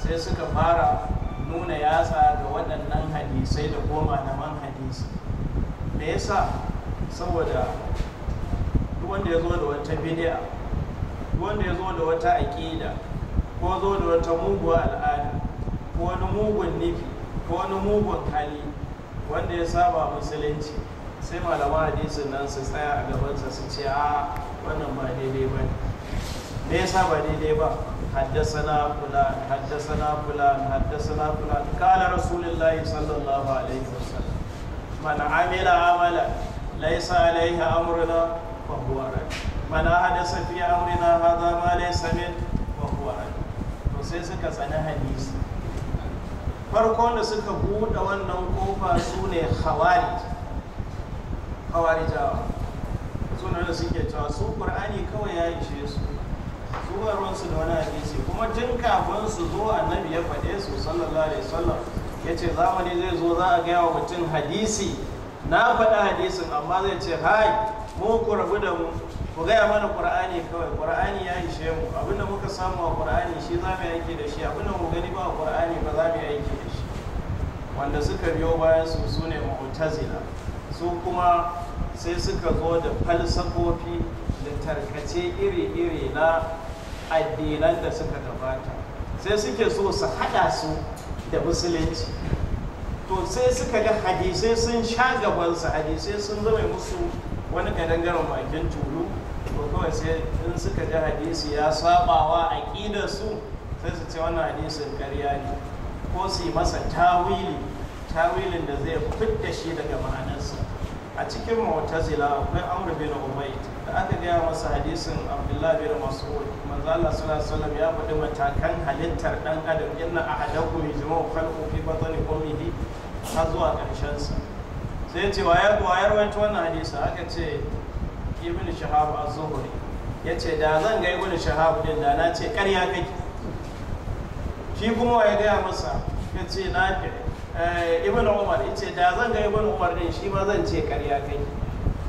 sai suka fara nuna yatsa ga waɗannan hadisai da goma na man hadisi me yasa saboda duk wanda ya zo da wata bidiya duk wanda ya zo da wata aƙida ko zo da wata muguwa al'ada ko wani mugun nufi ko wani mugun hali wanda ya saba musulunci sai malama hadisin nan su tsaya a gabansa su ce a wannan ba daidai ba me ya ba daidai ba haddasana na haddasana haddasa haddasana kula. kala rasulullahi sallallahu alaihi wasallam man amila amala laysa alaihi amruna fa huwa rad man hadasa fi amrina hadha ma laysa min fa huwa rad to sai suka tsani hadisi farkon da suka buɗe wannan kofa su ne khawarij khawarijawa suna da suke cewa su ƙur'ani kawai ya ishe su su da wani hadisi kuma tun kafin su zo annabi ya faɗe su sallallahu alaihi wasallam ya ce zamani zai zo za a gaya wa mutum hadisi na faɗa hadisin amma zai ce hai mu ku rabu da mu ku gaya mana ƙur'ani kawai ƙur'ani ya ishe mu abinda muka samu a ƙur'ani shi za mu aiki da shi abinda mu gani ba a ƙur'ani ba za mu aiki da shi wanda suka biyo bayan su su ne mu'tazila su kuma sai suka zo da falsafofi da tarkace iri-iri na addinan da suka gabata sai suke so su haɗa su da musulunci to sai suka ga hadisai sun sha gabansu hadisai sun zama musu wani kadangaren bakin tulu to kawai sai in suka ji hadisi ya sabawa aqidar su sai su ce wannan hadisin ƙarya ne ko su yi masa tawili tawilin da zai fidda shi daga ma'anarsa a cikin mu'tazila akwai amr bin ubayd da aka gaya masa hadisin abdullah bin mas'ud manzo Allah sallallahu alaihi wasallam ya faɗi matakan halittar dan adam inna ahadakum yajma'u khalqu fi batni ummihi har zuwa ƙarshen sa sai ya ce wayar wayar wancan wannan hadisi aka ce ibn shahab az-zuhri yace da zan ga ibn shahab din da na ce ƙarya kake shi kuma ya gaya masa yace na ke eh, ibn umar yace da zan ga ibn umar din shi ma zan ce ƙarya kake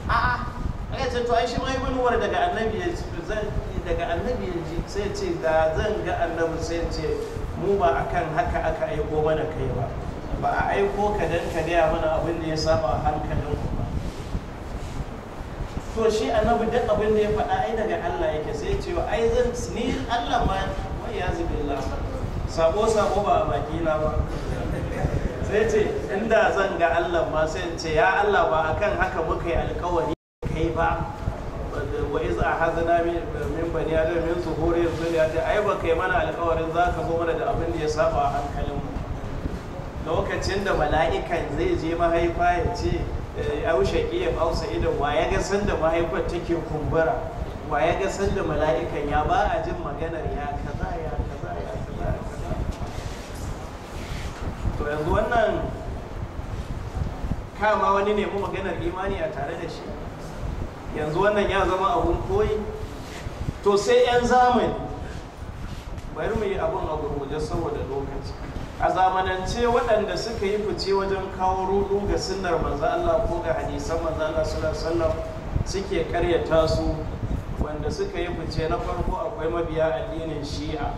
a'a aka ce to ai shi ma ibn umar daga annabi ya zan daga annabi ya ji sai ce da zan ga annabi sai ce mu ba akan haka aka aiko mana kai ba ba a aiko ka dan ka gaya mana abin da ya saba hankalin to shi annabi duk abin da ya faɗa ai daga Allah yake sai ce ai zan ni Allah ma Wai ya zubillah sabo sabo ba a baki na ba sai ce inda zan ga Allah ma sai ce ya Allah ba akan haka muka yi alkawari kai ba wa iz ahadna min bani adam min zuhuri dunya ta ai ba kai mana alkawarin zaka zo mana da abin da ya saba hankalin mu lokacin da mala'ikan zai je mahaifa ya ce Eh, Aushe shaqiyan au sa'idan wa ya ga sanda mahaifar take kumbura wa ya ga sanda mala'ikan ya ba a jin maganar ya kaza ya kaza ya kaza to yanzu wannan kama wani ne mu maganar imani a tare da shi yanzu wannan ya zama abun koyi to sai 'yan zamani bari mu yi abin a gurguje saboda lokaci a zamanance waɗanda suka yi fice wajen kawo ruɗu ga sunnar manzo Allah ko ga hadisan manzo Allah sallallahu suke karyata su wanda suka yi fice na farko akwai mabiya addinin shi'a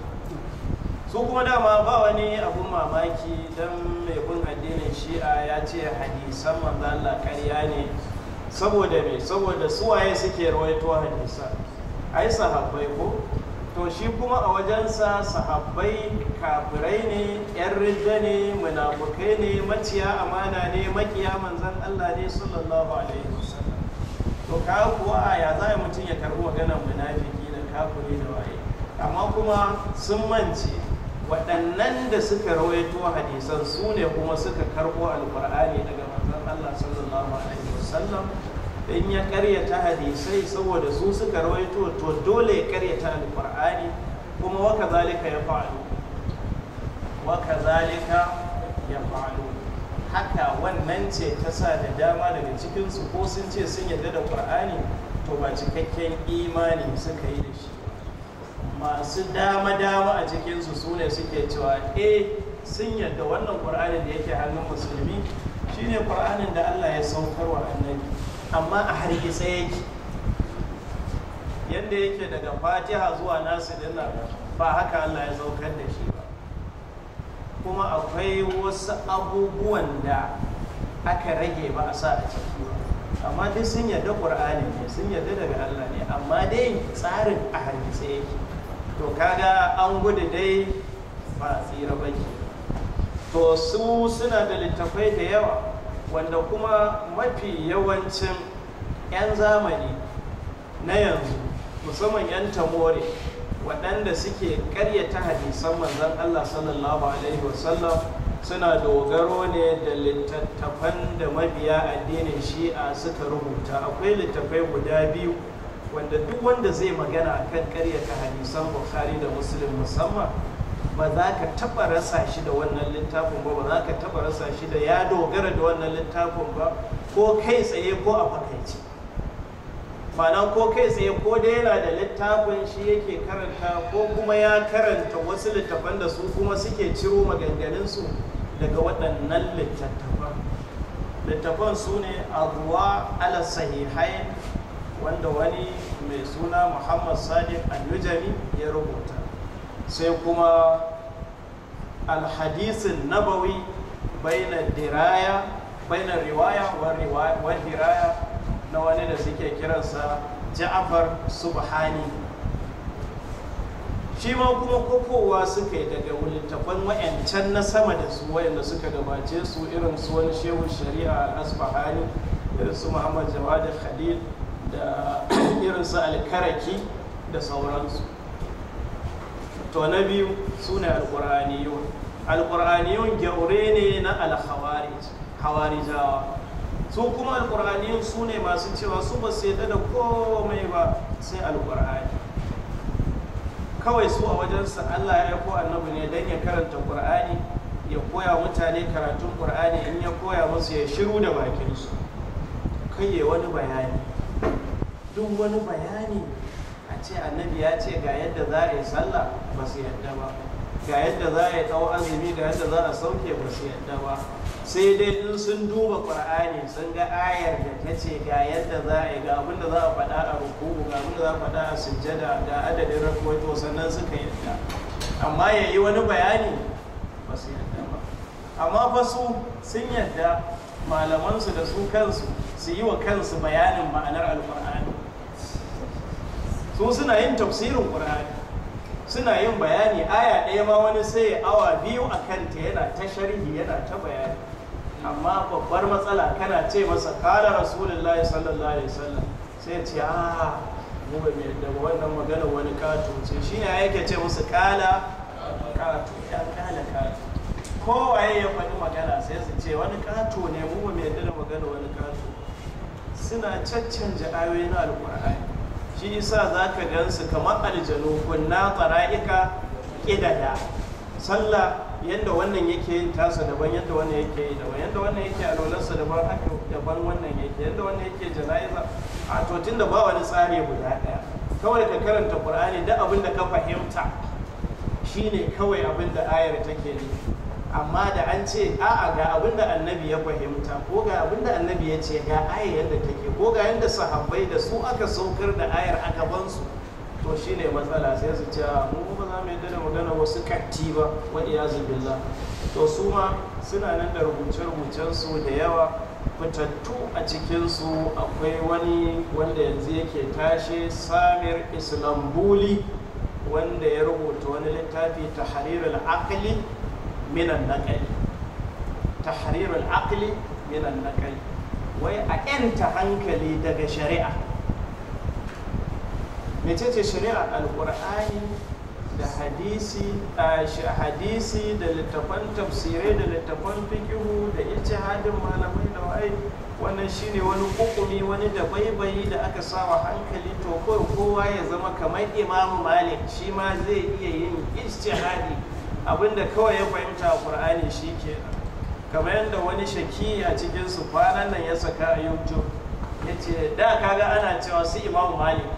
su kuma dama ba wani abun mamaki don mai bin addinin shi'a ya ce hadisan manzo Allah karya ne saboda me saboda suwaye suke rawaito hadisan ai sahabbai ko to shi kuma a wajensa sahabbai kafirai ne yan ridda ne munafukai ne maciya amana ne makiya manzan Allah ne sallallahu alaihi wasallam to ka kuwa ya za mutum ya karbi maganar munafiki da kafiri da waye amma kuma sun mance waɗannan da suka rawaito hadisan su ne kuma suka karɓo alƙur'ani daga manzan Allah sallallahu alaihi wasallam in ya karyata hadisai saboda su suka rawaito to dole ya karyata alkur'ani kuma wa kazalika ya fa'alu wa kazalika ya fa'alu haka wannan ce ta sa da dama daga cikinsu ko sun ce sun yarda da qur'ani to ba cikakken imani suka yi da shi masu dama-dama a cikin su sune suke cewa eh sun yarda wannan ƙur'anin da yake hannun musulmi shine ƙur'anin da allah ya wa annabi amma a hargitsa yake yadda yake daga fatiha zuwa nasu dinna ba haka allah ya zaukar da shi ba kuma akwai wasu abubuwan da aka rage ba a sa a ciki amma dai sun yadda ƙur'ani ne sun yarda daga allah ne amma dai tsarin a hargitsa yake to kaga an gudu dai ba tsira ba to su suna da littafai da yawa wanda kuma mafi yawancin 'yan zamani na yanzu musamman 'yan tamore waɗanda suke karya ta hadisan manzan Allah sallallahu alaihi wasallam suna dogaro ne da littattafan da mabiya addinin shi'a suka rubuta akwai littattafai guda biyu wanda duk wanda zai magana akan karyata hadisan bukhari da musulun musamman ba za ka taba rasa shi da wannan littafin ba ba za ka taba rasa shi da ya dogara da wannan littafin ba ko kai tsaye ko a fakaici ma'ana ko kai tsaye ko da yana da littafin shi yake karanta ko kuma ya karanta wasu littafan da su kuma suke ciro maganganunsu daga waɗannan littattafan littafan su ne ruwa ala sahihai wanda wani mai suna muhammad sadiq al ya rubuta sai kuma alhadisin nabawi baina diraya baina riwaya wa diraya na wani da suke kiransa ja'afar subhani shi ma kuma kokowa suka yi daga littafan wayancan na sama da su wayanda suka gabace su irin su wani shehu shari'a al-asfahani irin su muhammad jawad khalil da irin su alkaraki da sauransu to na biyu su ne alƙur'aniyun alƙur'aniyun gyaure ne na alhawarijawa su kuma alƙur'aniyun su ne masu cewa su ba su yadda da komai ba sai alƙur'ani kawai su a wajensa allah ya aiko annabi ne don ya karanta ƙur'ani ya koya mutane karatun ƙur'ani in ya koya musu ya shiru da bakinsu kai ya wani bayani duk wani bayani ce annabi ya ce ga yadda za a yi sallah ba su yadda ba ga yadda za a yi ɗau azumi ga yadda za a sauke ba su yadda ba sai dai in sun duba ƙwar'ani sun ga ayar da ta ce ga yadda za a yi ga abin da za a faɗa a rukuku ga abin da za a faɗa a sujjada ga adadin rakoto sannan suka yadda amma ya yi wani bayani ba su yadda ba amma fa su sun yadda malamansu da su kansu su yi wa kansu bayanin ma'anar alƙur'ani su suna yin tafsirin ƙur'ani, suna yin bayani aya ɗaya ma wani sai ya awa biyu a kanta yana ta sharhi yana ta bayani amma babbar matsala kana ce masa kala rasulullahi sallallahu alaihi wasallam sai ce a mu ba mu ba wannan magana wani kato ce shi ya yake ce musu kala kato ya kala kato kowaye ya faɗi magana sai su ce wani kato ne mu ba mu da magana wani kato suna caccanja ayoyin alƙur'ani shi yasa za ka gansu kamar aljanu kunna tsara'ika ƙidada sallah yadda wannan yake yin tasa daban yadda wannan yake yi daban yadda wannan yake alolarsa daban haka daban wannan yake yadda wannan yake jana'iza a to da ba wani tsari guda ɗaya kawai ka karanta ƙur'ani duk abin da ka fahimta shine kawai abin da ayar take nufi amma da an ce a'a ga abin da annabi ya fahimta ko ga abin da annabi ya ce ga ayar yadda take ko ga yadda sahabbai da su aka saukar da ayar a gabansu to shine matsala sai su ce mu ba za mu yi da magana wasu katti ba wa iyazu to su ma suna nan da rubuce-rubucen su da yawa fitattu a cikin su akwai wani wanda yanzu yake tashe Samir Islambuli wanda ya rubuta wani littafi ta harirar aqli minan naƙali tahrirul aqli minan naƙali wai a yanta hankali daga shari'a mecece shari'a alkur'ani da hadisi hadisi da littafan tafsirai da littafan fikihu da hadin malamai da wai wannan shine wani hukumi wani da baibayi da aka sawa hankali to kowa ya zama kamar imamu malik shi ma zai iya yin ijtihadi abinda kawai ya fahimta a ƙur'ani shi ke kamar yadda wani shaki a cikin su kwanan nan ya saka a youtube ya ce da kaga ana cewa su imamu malik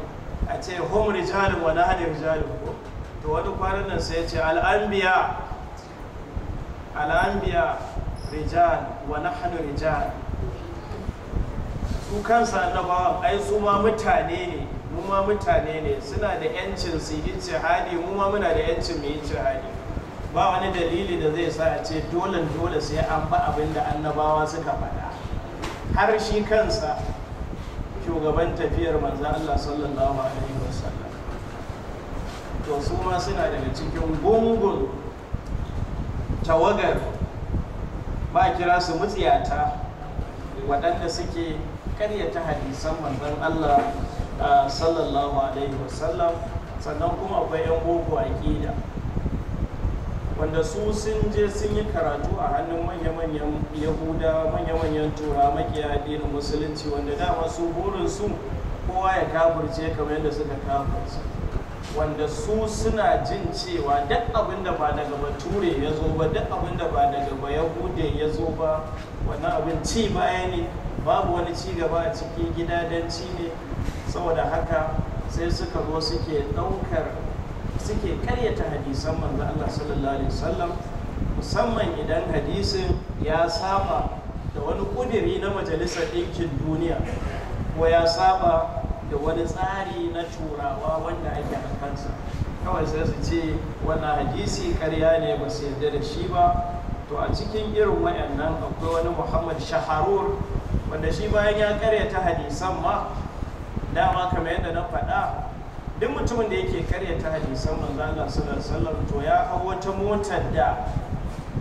a ce hum rijalu wa nahnu rijalu ko to wani kwanan nan sai ya ce al'anbiya al'anbiya rijal wa nahnu rijal su kansa annabawan ai su ma mutane ne mu ma mutane ne suna da yancin su yi jihadi mu ma muna da yancin mu yi jihadi ba wani dalili da zai sa a ce dole dole sai an ba abin da annabawa suka faɗa har shi kansa shugaban tafiyar manzo Allah sallallahu alaihi wasallam to su ma suna daga cikin gungun tawagar ba kira su mutsiyata waɗanda suke karyata hadisan manzon Allah ah, sallallahu alaihi wasallam sannan kuma akwai 'yan boko aƙida wanda su sun je sun yi karatu a hannun manya-manyan yahuda manya-manyan tura makiya addinin musulunci wanda dama su burinsu kowa ya kafirce kamar yadda suka kafirce wanda su suna jin cewa duk abin da ba daga bature ya zo ba duk abin da ba daga ba yahude ya zo ba wannan abin ci baya ne babu wani ci gaba a cikin gidadanci ne saboda haka sai suka zo suke ɗaukar suke karyata hadisan manzo Allah sallallahu alaihi wasallam musamman idan hadisin ya saba da wani kudiri na majalisar ɗinkin duniya ko ya saba da wani tsari na turawa wanda ake a kansa kawai sai su ce wannan hadisi karya ne ba su yarda da shi ba to a cikin irin wayannan akwai wani muhammad shaharur wanda shi bayan ya karyata hadisan ma dama kamar yadda na faɗa duk mutumin da yake karyata hadisan manzo Allah sallallahu alaihi wasallam to ya hau wata motar da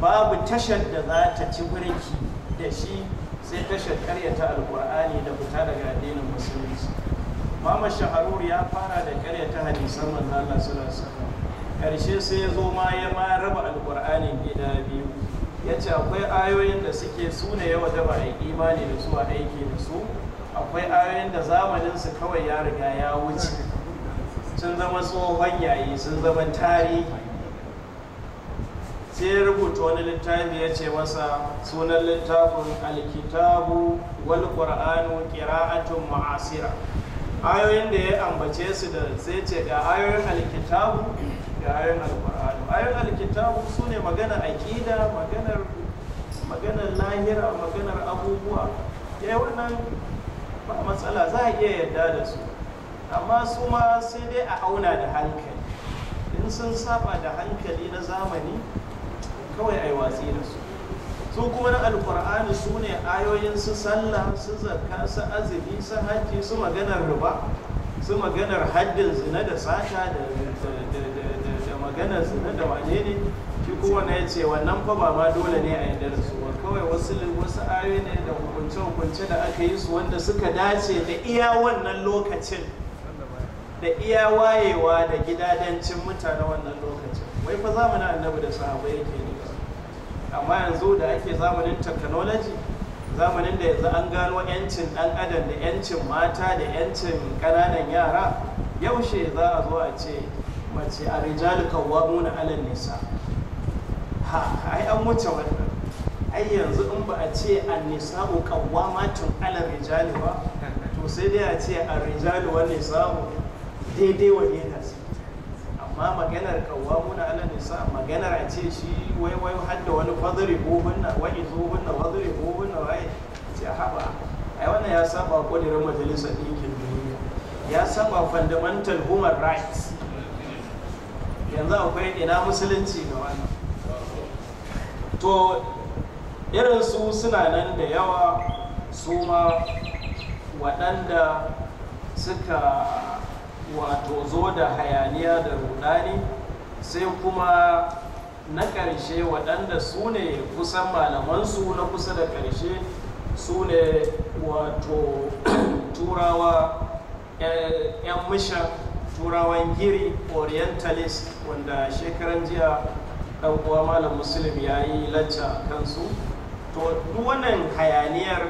babu tashar da za ta ci birki da shi sai tashar karyata alkur'ani da fita daga addinin musulunci mama shaharur ya fara da karyata hadisan manzo Allah sallallahu alaihi wasallam karshe sai ya zo ma ya ma raba alqur'ani gida biyu ya ce akwai ayoyin da suke su ne ya wajaba a imani da su aiki da su akwai ayoyin da zamanin su kawai ya riga ya wuce sun zama tsohon yayi sun zama tarihi sai ya rubuta wani littafi ya ce masa sunan littafin alkitabu wal qur'anu qira'atun ma'asira ayoyin da ya ambace su da sai ce ga ayoyin alkitabu ga ayoyin alqur'anu ayoyin alkitabu su ne magana aqida maganar maganar lahira maganar abubuwa yayi eh, wannan ba matsala za a iya yarda da su amma su ma sai dai a auna da hankali in sun saba da hankali na zamani kawai a yi watsi da su su kuma na alkur'ani su ne ayoyin su sallah su zarka su azumi su hajji su maganar riba su maganar haddin zina da sata da maganar zina da wane ne shi kuma na ce wannan fa ba ma dole ne a yadda da su kawai wasu wasu ayoyi ne da hukunce-hukunce da aka yi su wanda suka dace da iya wannan lokacin da iya wayewa da gidadancin mutane wannan lokacin wai fa zamanin annabi da sahabbai yake ne amma yanzu da ake zamanin technology zamanin da yanzu an gano yancin dan adam da yancin mata da yancin kananan yara yaushe za a zo a ce mace a rijalu kawwamuna alal nisa ha ai an wuce wannan ai yanzu in ba a ce an nisa'u kawwamatun alal rijali ba to sai dai a ce a rijalu wannan nisa'u daidai wa yana nasi amma maganar kawo muna ala nisa maganar a ce shi wai wai da wani fadari ko wannan wani zo hunna fadari ko wannan wai ce haba ai wannan ya saba kudirin majalisar ɗinkin duniya ya saba fundamental human rights yanzu akwai ina musulunci ga wani to irin su suna nan da yawa su ma waɗanda suka wato zo da hayaniya da rudani sai kuma na ƙarshe waɗanda su ne kusan malamansu na kusa da ƙarshe su ne wato turawa eh, 'yan mishan turawan giri orientalist wanda shekaran jiya ɗan uwa malam muslim ya yi lacca kansu to wannan hayaniyar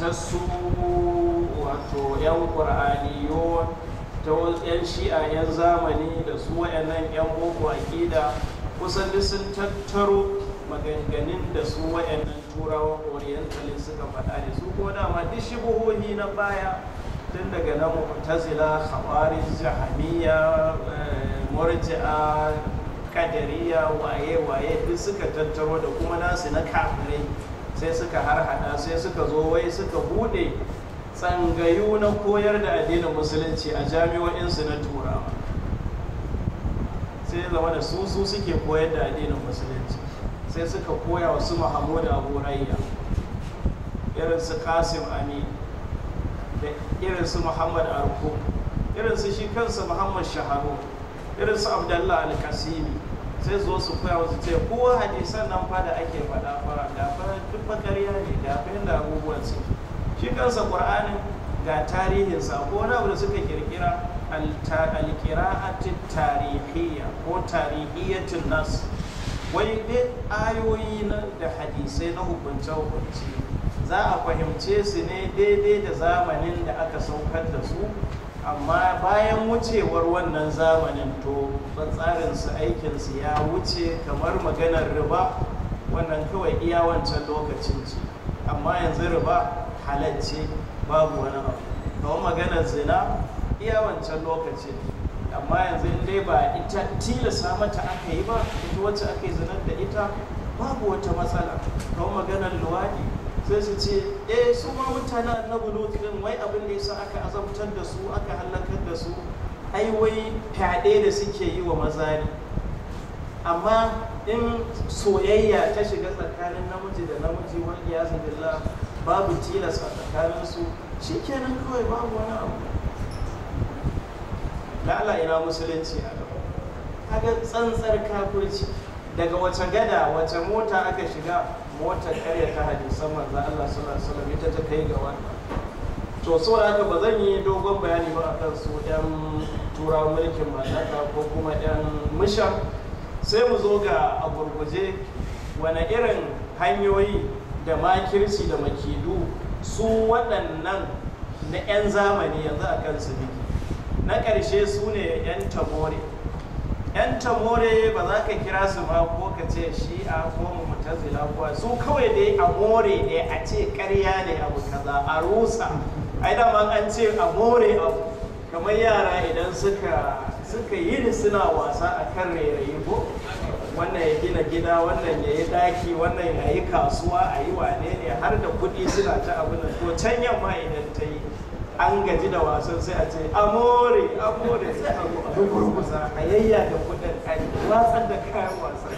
ta su wato 'yan ƙur'aniyon ta yan shi'a yan zamani da su wayannan yan boko a aƙida kusan duk sun tattaro maganganun da su wayannan turawan orientalin suka faɗa da su ko dama duk shibuhohi na baya tun daga na mu'tazila khawarij jahamiya eh, murji'a kadariya waye waye duk suka tattaro da kuma nasu na kafirai sai suka harhaɗa sai suka zo wai suka bude tsangayu na koyar da addinin musulunci a jami'o'insu na turawa sai zama da su su suke koyar da addinin musulunci sai suka koya wa su mahamudu abu rayya irin su kasim amin da irin su muhammad arko irin su shi kansa muhammad shaharu irin su abdallah al-kasimi sai zo su koya wasu ce kowa hadisan nan fa da ake faɗa fara da fara duk bakariya ne da fa da abubuwan su. shi kansa ƙur'anin ga tarihin ko na wanda suka kirkira alkira'atin tarihiyya ko tarihiyyatin nas wai ne ayoyi na da hadisai na hukunce hukunce za a fahimce su ne daidai da zamanin da aka saukar da su amma bayan wucewar wannan zamanin to tsarinsu aikinsu ya wuce kamar maganar riba wannan kawai iya wancan lokacin ce amma yanzu riba halacce babu wani abu kawai maganar zina iya wancan lokaci amma yanzu dai ba ita tilasa mata aka yi ba ita wacce aka yi zinar da ita babu wata matsala kawai maganar luwadi sai su ce eh su ma mutanen na lut din wai abin da yasa aka azabtar da su aka halakar da su ai wai fyaɗe da suke yi wa maza ne amma in soyayya ta shiga tsakanin namiji da namiji wal iyazu billah babu tilas a su shi kenan kawai babu wani abu lala ina musulunci a gaba kaga tsantsar kafirci daga wace gada wace mota aka shiga motar karya ta saman za Allah sallallahu alaihi ta kai ga wannan to so haka ba zan yi dogon bayani ba akan su yan turawa mulkin mallaka ko kuma yan musha sai mu zo ga a gurguje wani irin hanyoyi da makirci da makidu su waɗannan na 'yan zamani yanzu a su biki na ƙarshe su ne 'yan tamore 'yan tamore ba za ka kira su ba ko ka ce shi shi'a ko mutazila ko su kawai dai a more ne a ce ƙarya ne abu kaza a rusa ai dama an ce a more abu kamar yara idan suka suka yi suna wasa a kan rairayi ko wannan ya gina gida wannan ya yi daki wannan ya yi kasuwa a yi wane ne har da kuɗi suna ta abin nan to can yamma idan ta yi an gaji da wasan sai a ce amore amore sai a gurgusa a yayya da kudin a wasan da kayan wasan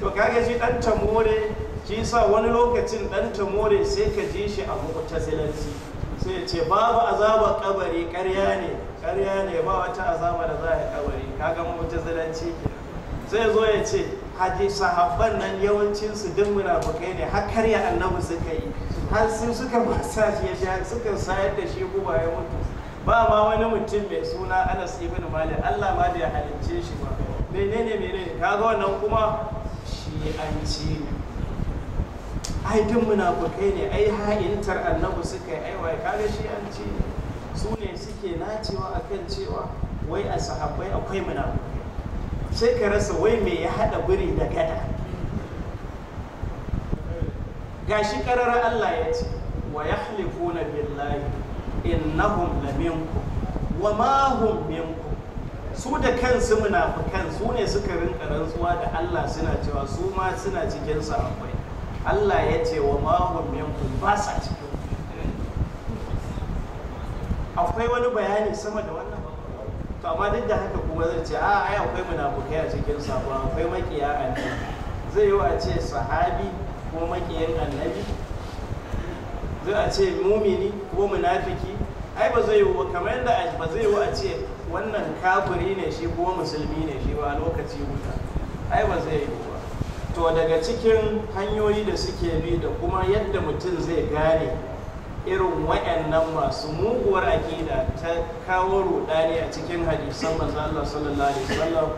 to kaga shi dan tamore shi sa wani lokacin dan tamore sai ka ji shi a mutazilanci sai ce babu azabar kabari karya ne karya ne ba wata azaba da za a yi kabari kaga mutazilanci kenan sai zo ya ce haji sahabban nan yawancinsu su duk munafukai ne har karya annabi suka yi har sun suka masa shi ya sha suka sayar da shi ku ya mutu ba ma wani mutum mai suna Anas ibn Malik Allah ma da ya halicce shi ba menene menene kaga wannan kuma shi an ci ne ai duk munafukai ne ai ha'intar annabi suka yi aiwa kaga shi an ci ne su ne suke nacewa akan cewa wai a sahabbai akwai munafukai sai ka rasa wai me ya haɗa biri da gada gashi karara Allah ya ce wa ya halifuna billahi innahum la minkum wa ma hum minkum su da kansu munafikan su ne suka rinka rantsuwa da Allah suna cewa su ma suna cikin akwai Allah ya ce wa ma hum minkum ba sa cikin akwai wani bayani sama da wani to amma duk da haka kuma zai ce a ai akwai munafukai a cikin sabon akwai makiya annabi zai yi a ce sahabi ko makiyan annabi zai a ce mumini ko munafiki ai ba zai yi wa kamar yadda ba zai yi a ce wannan kafiri ne shi ko musulmi ne shi ba lokaci guda ai ba zai yi ba to daga cikin hanyoyi da suke bi da kuma yadda mutum zai gane irin wayannan masu muguwar aƙida ta kawo rudani a cikin hadisan manzo Allah sallallahu alaihi wasallam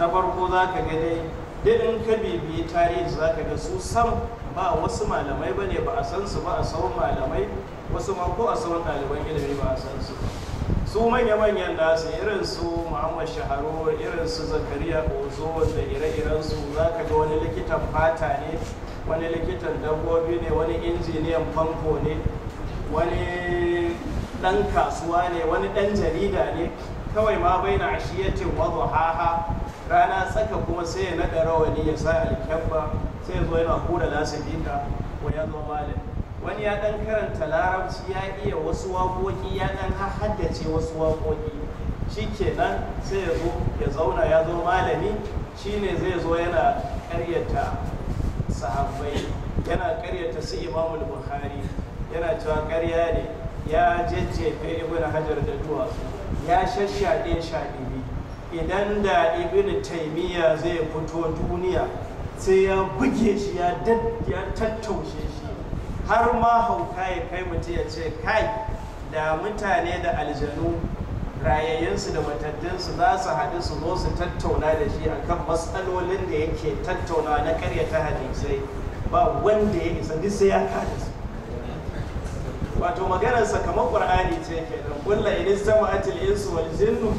na farko zaka ga dai duk in ka bibiyi tarihi zaka ga su sam ba wasu malamai bane ba a san su ba a sauran malamai wasu ma ko a sauran ɗaliban ilimi ba a san su su manya-manyan nasu irin su muhammad shahararwa irin su zakariya ozo da ire-iren su za ka ga wani likitan fata ne wani likitan dabbobi ne wani injiniyan famfo ne wani ɗan kasuwa ne wani ɗan jarida ne kawai ma bai na ashiyatin wadda haha rana tsaka kuma sai ya naɗa rawani ya sa alkyabba sai ya zo yana hura lasifika wa ya zo malam wani ya ɗan karanta larabci ya iya wasu waƙoƙi ya ɗan haddace wasu waƙoƙi shi kenan sai ya zo ya zauna ya zo malami ne zai zo yana ƙaryata sahabbai yana ƙaryata su imamul buhari yana cewa ƙarya ne ya jajjefe ibn hajar da duwatsu ya shashaɗe shaɗibi idan da ibn taimiyya zai fito duniya sai ya buge shi ya tattaushe shi har ma hauka ya kai mutum ya ce kai da mutane da aljanu rayayyansu da matattinsu za su haɗu su zo su tattauna da shi akan matsalolin da yake tattauna na karyata hadisai ba wanda ya isa duk sai ya kada su wato maganarsa kamar ƙwar'ani ce ke don? kullu in istama'atil insu wal jinnu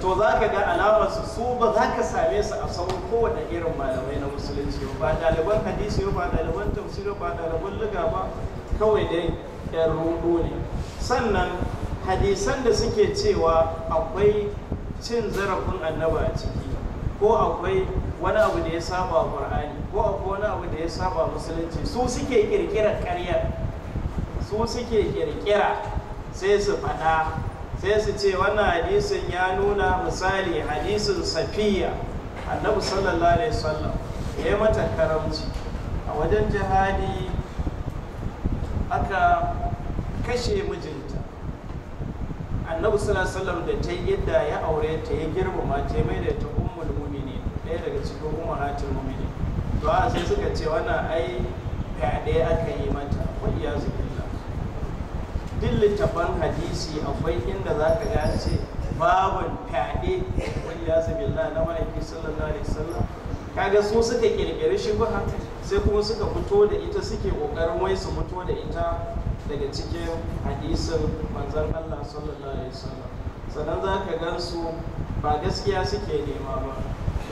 to za ka ga alamarsu su ba za ka same su a sauran kowane irin malamai na musulunci ba ɗaliban hadisi ba ɗaliban tafsiri ba ɗaliban liga ba kawai dai yan rudu ne sannan hadisan da suke cewa akwai cin zarafin annaba a ciki ko akwai wani abu da ya saba qur'ani ko akwai wani abu da ya saba musulunci su suke kirkirar ƙaryar su suke kirkira sai su faɗa sai su ce wannan hadisin ya nuna misali hadisin safiya annabi sallallahu alaihi wasallam ya yi mata karamci a wajen jihadi aka kashe mijinta annabi sallallahu alaihi wasallam da ta yadda ya aure ta ya girmama ta mai da ta ɗaya daga cikin umahatul mu'minin to a sai suka ce wannan ai fyaɗe aka yi mata wa iyazu billah duk littafan hadisi akwai inda za ka ga ce babun fyaɗe wa iyazu billah na malaki sallallahu alaihi wasallam kaga su suka kirkiri ba sai kuma suka fito da ita suke kokarin wai su fito da ita daga cikin hadisin manzon Allah sallallahu alaihi wasallam sannan za ka gan su ba gaskiya suke nema ba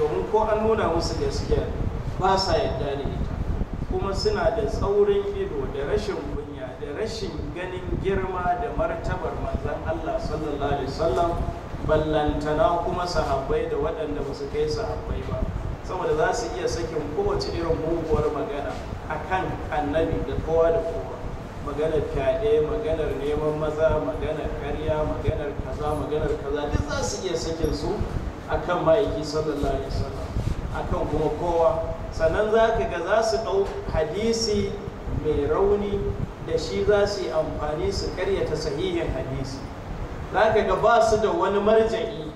domin ko an nuna musu gaskiya ba sa yadda da ita kuma suna da tsaurin ido da rashin kunya da rashin ganin girma da martabar manzan Allah sallallahu alaihi wasallam ballantana kuma sahabbai da waɗanda ba su kai sahabbai ba saboda za su iya sakin kowace irin muguwar magana kan annabi da kowa da kowa maganar fyaɗe maganar neman maza maganar karya maganar kaza maganar kaza duk za su iya sakin su akan ma'aiki sallallahu alaihi wasallam akan kuma kowa sannan za ka ga za su ɗau hadisi mai rauni da shi za su yi amfani su karyata sahihin hadisi za ka ga ba su da wani marja'i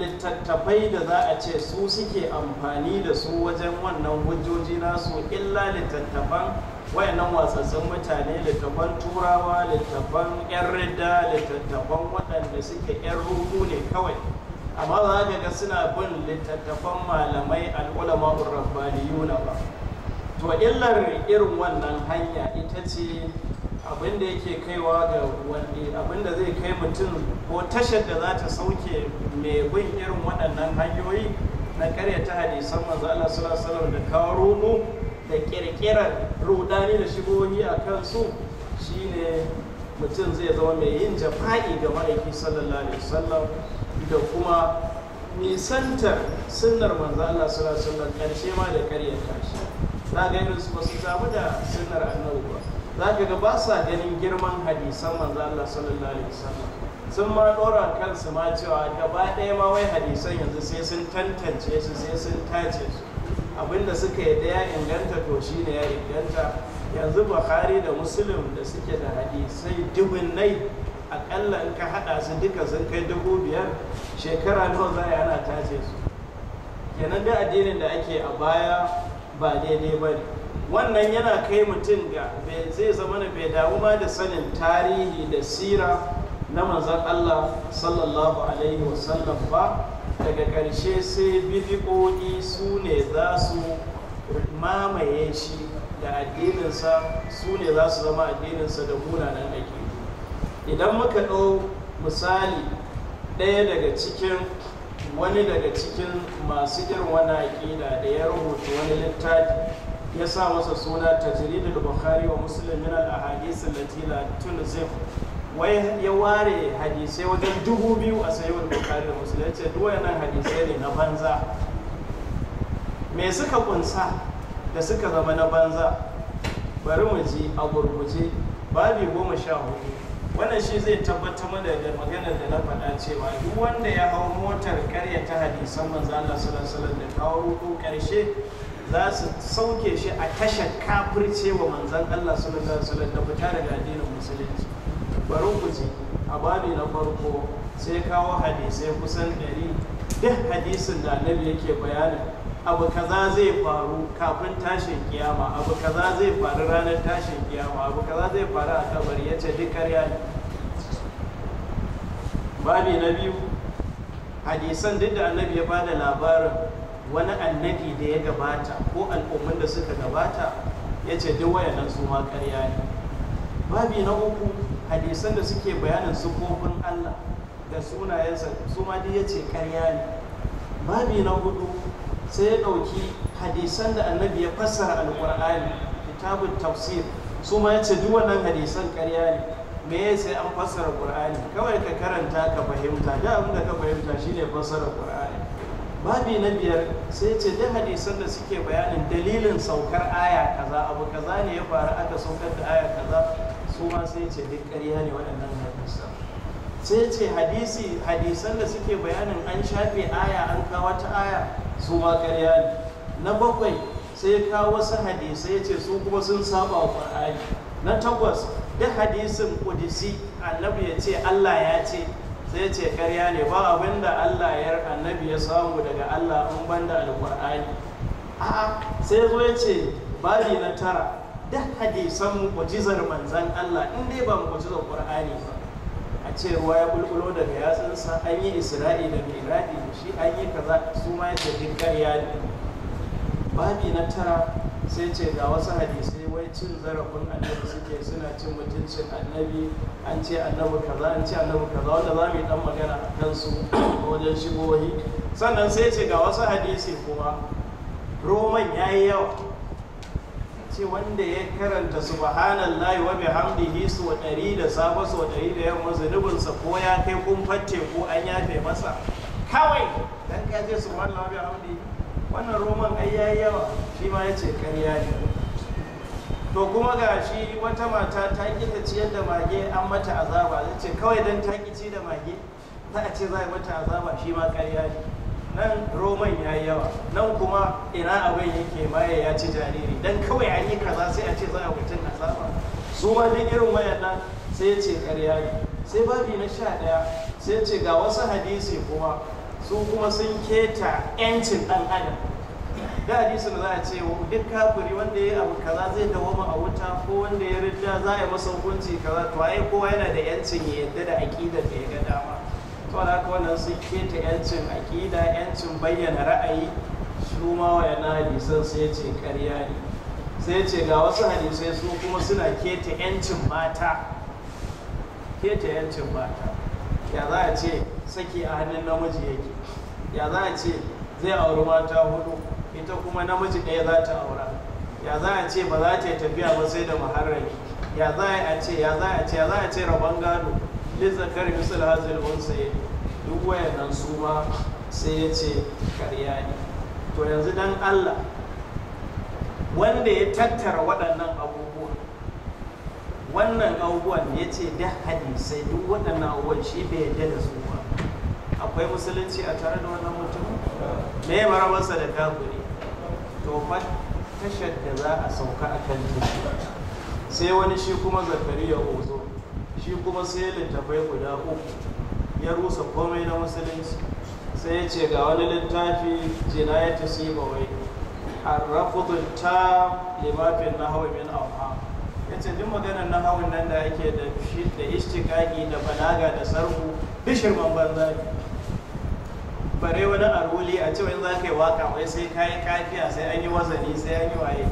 littattafai da za a ce su suke amfani da su wajen wannan hujjoji nasu illa littattafan wayannan watsatsun mutane littattafan turawa littattafan 'yan ridda littattafan waɗanda suke 'yan ruhu ne kawai amma za ka ga suna bin littattafan malamai al'ulama yuna ba to illar irin wannan hanya ita ce abin da yake kaiwa ga wani abin da zai kai mutum ko tashar da za ta sauke mai bin irin waɗannan hanyoyi na ta hadisan manzo Allah sallallahu alaihi da kawo rumu da kirkirar rudani da shigoyi a kansu shine mutum zai zama mai yin jafa'i ga ma'aiki sallallahu alaihi wasallam da kuma nisantar sunnar manzo Allah sallallahu alaihi karshe ma da karya karshe za ga irin su ba samu da sunnar annabi ba za ka ga ba sa ganin girman hadisan manzo Allah sallallahu alaihi wasallam sun ma dora kansu ma cewa gaba ɗaya ma wai hadisan yanzu sai sun tantance su sai sun tace su abinda suka yadda ya inganta to shine ya inganta yanzu bukhari da muslim da suke da hadisai Nai. aƙalla in ka hada su duka sun kai dubu biyar shekara nawa za a ana tace su kenan da addinin da ake a baya ba daidai ba ne wannan yana kai mutum ga zai zama na bai damu ma da sanin tarihi da sira na manzan Allah sallallahu alaihi wasallam ba daga ƙarshe sai bidi'o'i su ne za su mamaye shi da addininsa su ne za su zama addininsa da munanan aiki idan muka ɗau misali ɗaya daga cikin wani daga cikin masu irin wani aƙida da ya rubuta wani littafi ya sa masa suna da bukhari wa musulmin min al ahadith tun wai ya ware hadisai wajen dubu biyu a sayyid bukhari da muslim ce duwa hadisai ne na banza me suka kunsa da suka zama na banza bari mu ji a gurguje babi goma sha hudu wannan shi zai tabbatar mana da maganar da na faɗa cewa duk wanda ya hau motar karya ta hadisan manzo Allah sallallahu alaihi da kawo ruku karshe za su sauke shi a tashar kafirce wa manzan Allah sallallahu alaihi da fita daga addinin musulunci bari ku ji a babi na farko sai kawo hadisai kusan 100 duk hadisin da annabi yake bayanin abu kaza zai faru kafin tashin kiyama abu kaza zai faru ranar tashin kiyama abu kaza zai faru a kabari ya ce duk karya ne babi na biyu hadisan duk da annabi ya bada labarin wani annabi da ya gabata ko al'ummin da suka gabata ya ce duk wayannan su ma karya ne babi na uku hadisan da suke bayanin sufofin Allah da sunayensa su ma duk ya ce karya ne babi na hudu sai ya ɗauki hadisan da annabi ya fassara alƙur'ani kitabun tafsir su ma ya ce duk wannan hadisan ƙarya ne me ya sai an fassara ƙur'ani kawai ka karanta ka fahimta da abin da ka fahimta shine fassara ƙur'ani babi na biyar sai ce duk hadisan da suke bayanin dalilin saukar aya kaza abu kaza ne ya faru aka saukar da aya kaza su ma sai ce duk ƙarya ne waɗannan hadisan sai ce hadisi hadisan da suke bayanin an shafe aya an kawo ta aya su ma karya ne na bakwai sai ya kawo wasu hadisai ya ce su kuma sun saba wa ƙwar'ani na takwas duk hadisin kudisi annabi ya ce allah ya ce sai ya ce karya ne ba abin da allah ya annabi ya samu daga allah in ban da 'a a'a sai zo ya ce babi na tara duk hadisan mu'jizar manzan allah in dai ba mu'jizar ƙwar'ani ba cewa ya bulbulo daga yatsunsa an yi isra'i da miraɗi shi an yi kaza su ma yace duk ƙarya ne babi na tara sai ce ga wasu hadisai wai cin zarafin annabi suke suna cin mutuncin annabi an ce annabi kaza an ce annabi kaza wanda za mu yi dan magana a kan su wajen shigohi sannan sai ce ga wasu hadisi kuma roman ya yi yawa ce wanda ya karanta subhanallahi wa bihamdihi su ɗari da safe su wa ɗari da yamma zunubinsa ko ya kai kumfar teku an yafe masa kawai dan ka je subhanallahi wa bihamdihi wannan roman ai yayi yawa shi ma yace ƙarya ne to kuma ga shi wata mata ta ƙi ta ciyar da mage an mata azaba zai ce kawai dan ta ƙi ci da mage za a ce za a mata azaba shi ma ƙarya ne nan roman ya yi yawa nan kuma ina abin yake maye ya ci jariri dan kawai an yi kaza sai a ce za a mutum na saba su ma duk irin wayan nan sai ce karya ne sai babi na sha ɗaya sai ce ga wasu hadisi kuma su kuma sun keta 'yancin ɗan adam da hadisin da za a ce duk kafuri wanda ya yi abu kaza zai dawama a wuta ko wanda ya rida za a yi masa hukunci kaza to ai kowa yana da yancin ya yadda da aƙidar da ya ga dama saboda haka wannan sun keta yancin aƙida yancin bayyana ra'ayi su ma yana hadisan sai ce ƙarya ne sai ce ga wasu hadisai su kuma suna keta yancin mata keta yancin mata ya za a ce saki a hannun namiji yake ya za a ce zai auri mata hudu ita kuma namiji ɗaya za ta aura ya za a ce ba za ta yi tafiya ba sai da muharrami ya za a ce ya za a ce ya za a ce rabon gado lizakar misal hazil sai duk wayannan su ma sai ya ce karya ne to yanzu dan Allah wanda ya tattara waɗannan abubuwan wannan abubuwan ya ce da hadisai duk waɗannan abubuwan shi bai yadda da su ba akwai musulunci a tare da wannan mutum me ya marabarsa da kafiri to fa tashar da za a sauka a kan sai wani shi kuma zakariya ozo shi kuma sai littafai guda uku ya rusa komai na musulunci sai ya ce ga wani littafi jinayatu a rafutun ta limafin na hawa min auha ya ce jin maganar na hawa nan da ake da da ishtikaki da balaga da sarku bishirman banza bare wani aruli a cewa in za ka yi waka wai sai ka yi kafiya sai an yi wazani sai an yi waye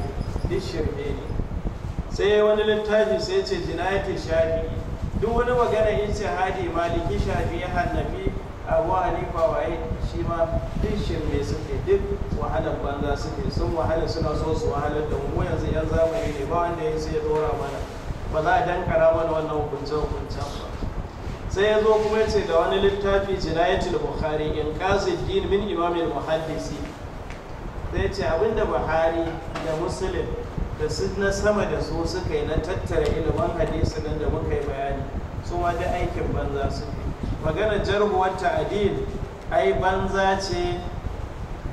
duk shirme ne sai wani littafi sai ce jinayatu shafi'i duk wani magana shahadi maliki shafi ya hannabi a wani waye shi ma duk mai suke duk wahalar banza suke sun wahala suna so su wahalar da mu yanzu yan zamani ne ba wanda ya sai dora mana ba za a dankara mana wannan hukuncen hukuncen ba sai ya zo kuma ya ce da wani littafi jinayatul bukhari in din min imamil muhaddisi sai ya ce abinda buhari da muslim da su na sama da su suka yi na tattara ilimin hadisi nan da muka yi bayani su ma da aikin banza su ne magana jarhuwar ta'adil ai banza ce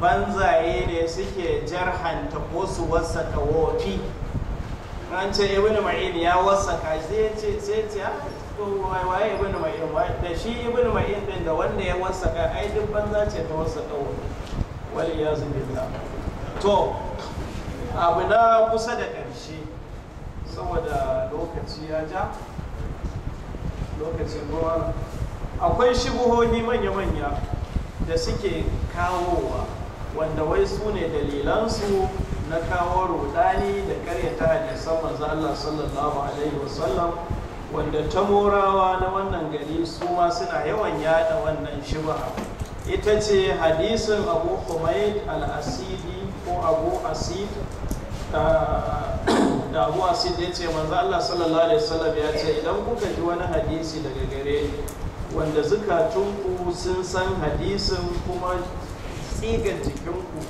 banzaye ne suke jarhanta ko su wasaka wofi an ce ibn ma'in ya wasaka sai ce sai ce ah, waye ibn ma'in da shi ibn ma'in din da wanda ya wasaka ai duk banza ce ta wasaka wofi wal yazu billah to abu na kusa da ƙarshe saboda lokaci ya ja lokacin ruwa akwai shibuhohi manya-manya da suke kawowa wanda wai su ne dalilansu na kawo rudani da karyata hadisan manzo Allah sallallahu alaihi wasallam wanda ta morawa na wannan gari su ma suna yawan yada wannan shib'a ita ce hadisin abu humaid al-asidi ko abu asid da abu asid ya ce manzo Allah sallallahu alaihi wasallam ya ce idan kuka ji wani hadisi daga gare wanda zukatunku sun san hadisin kuma tsigan jikinku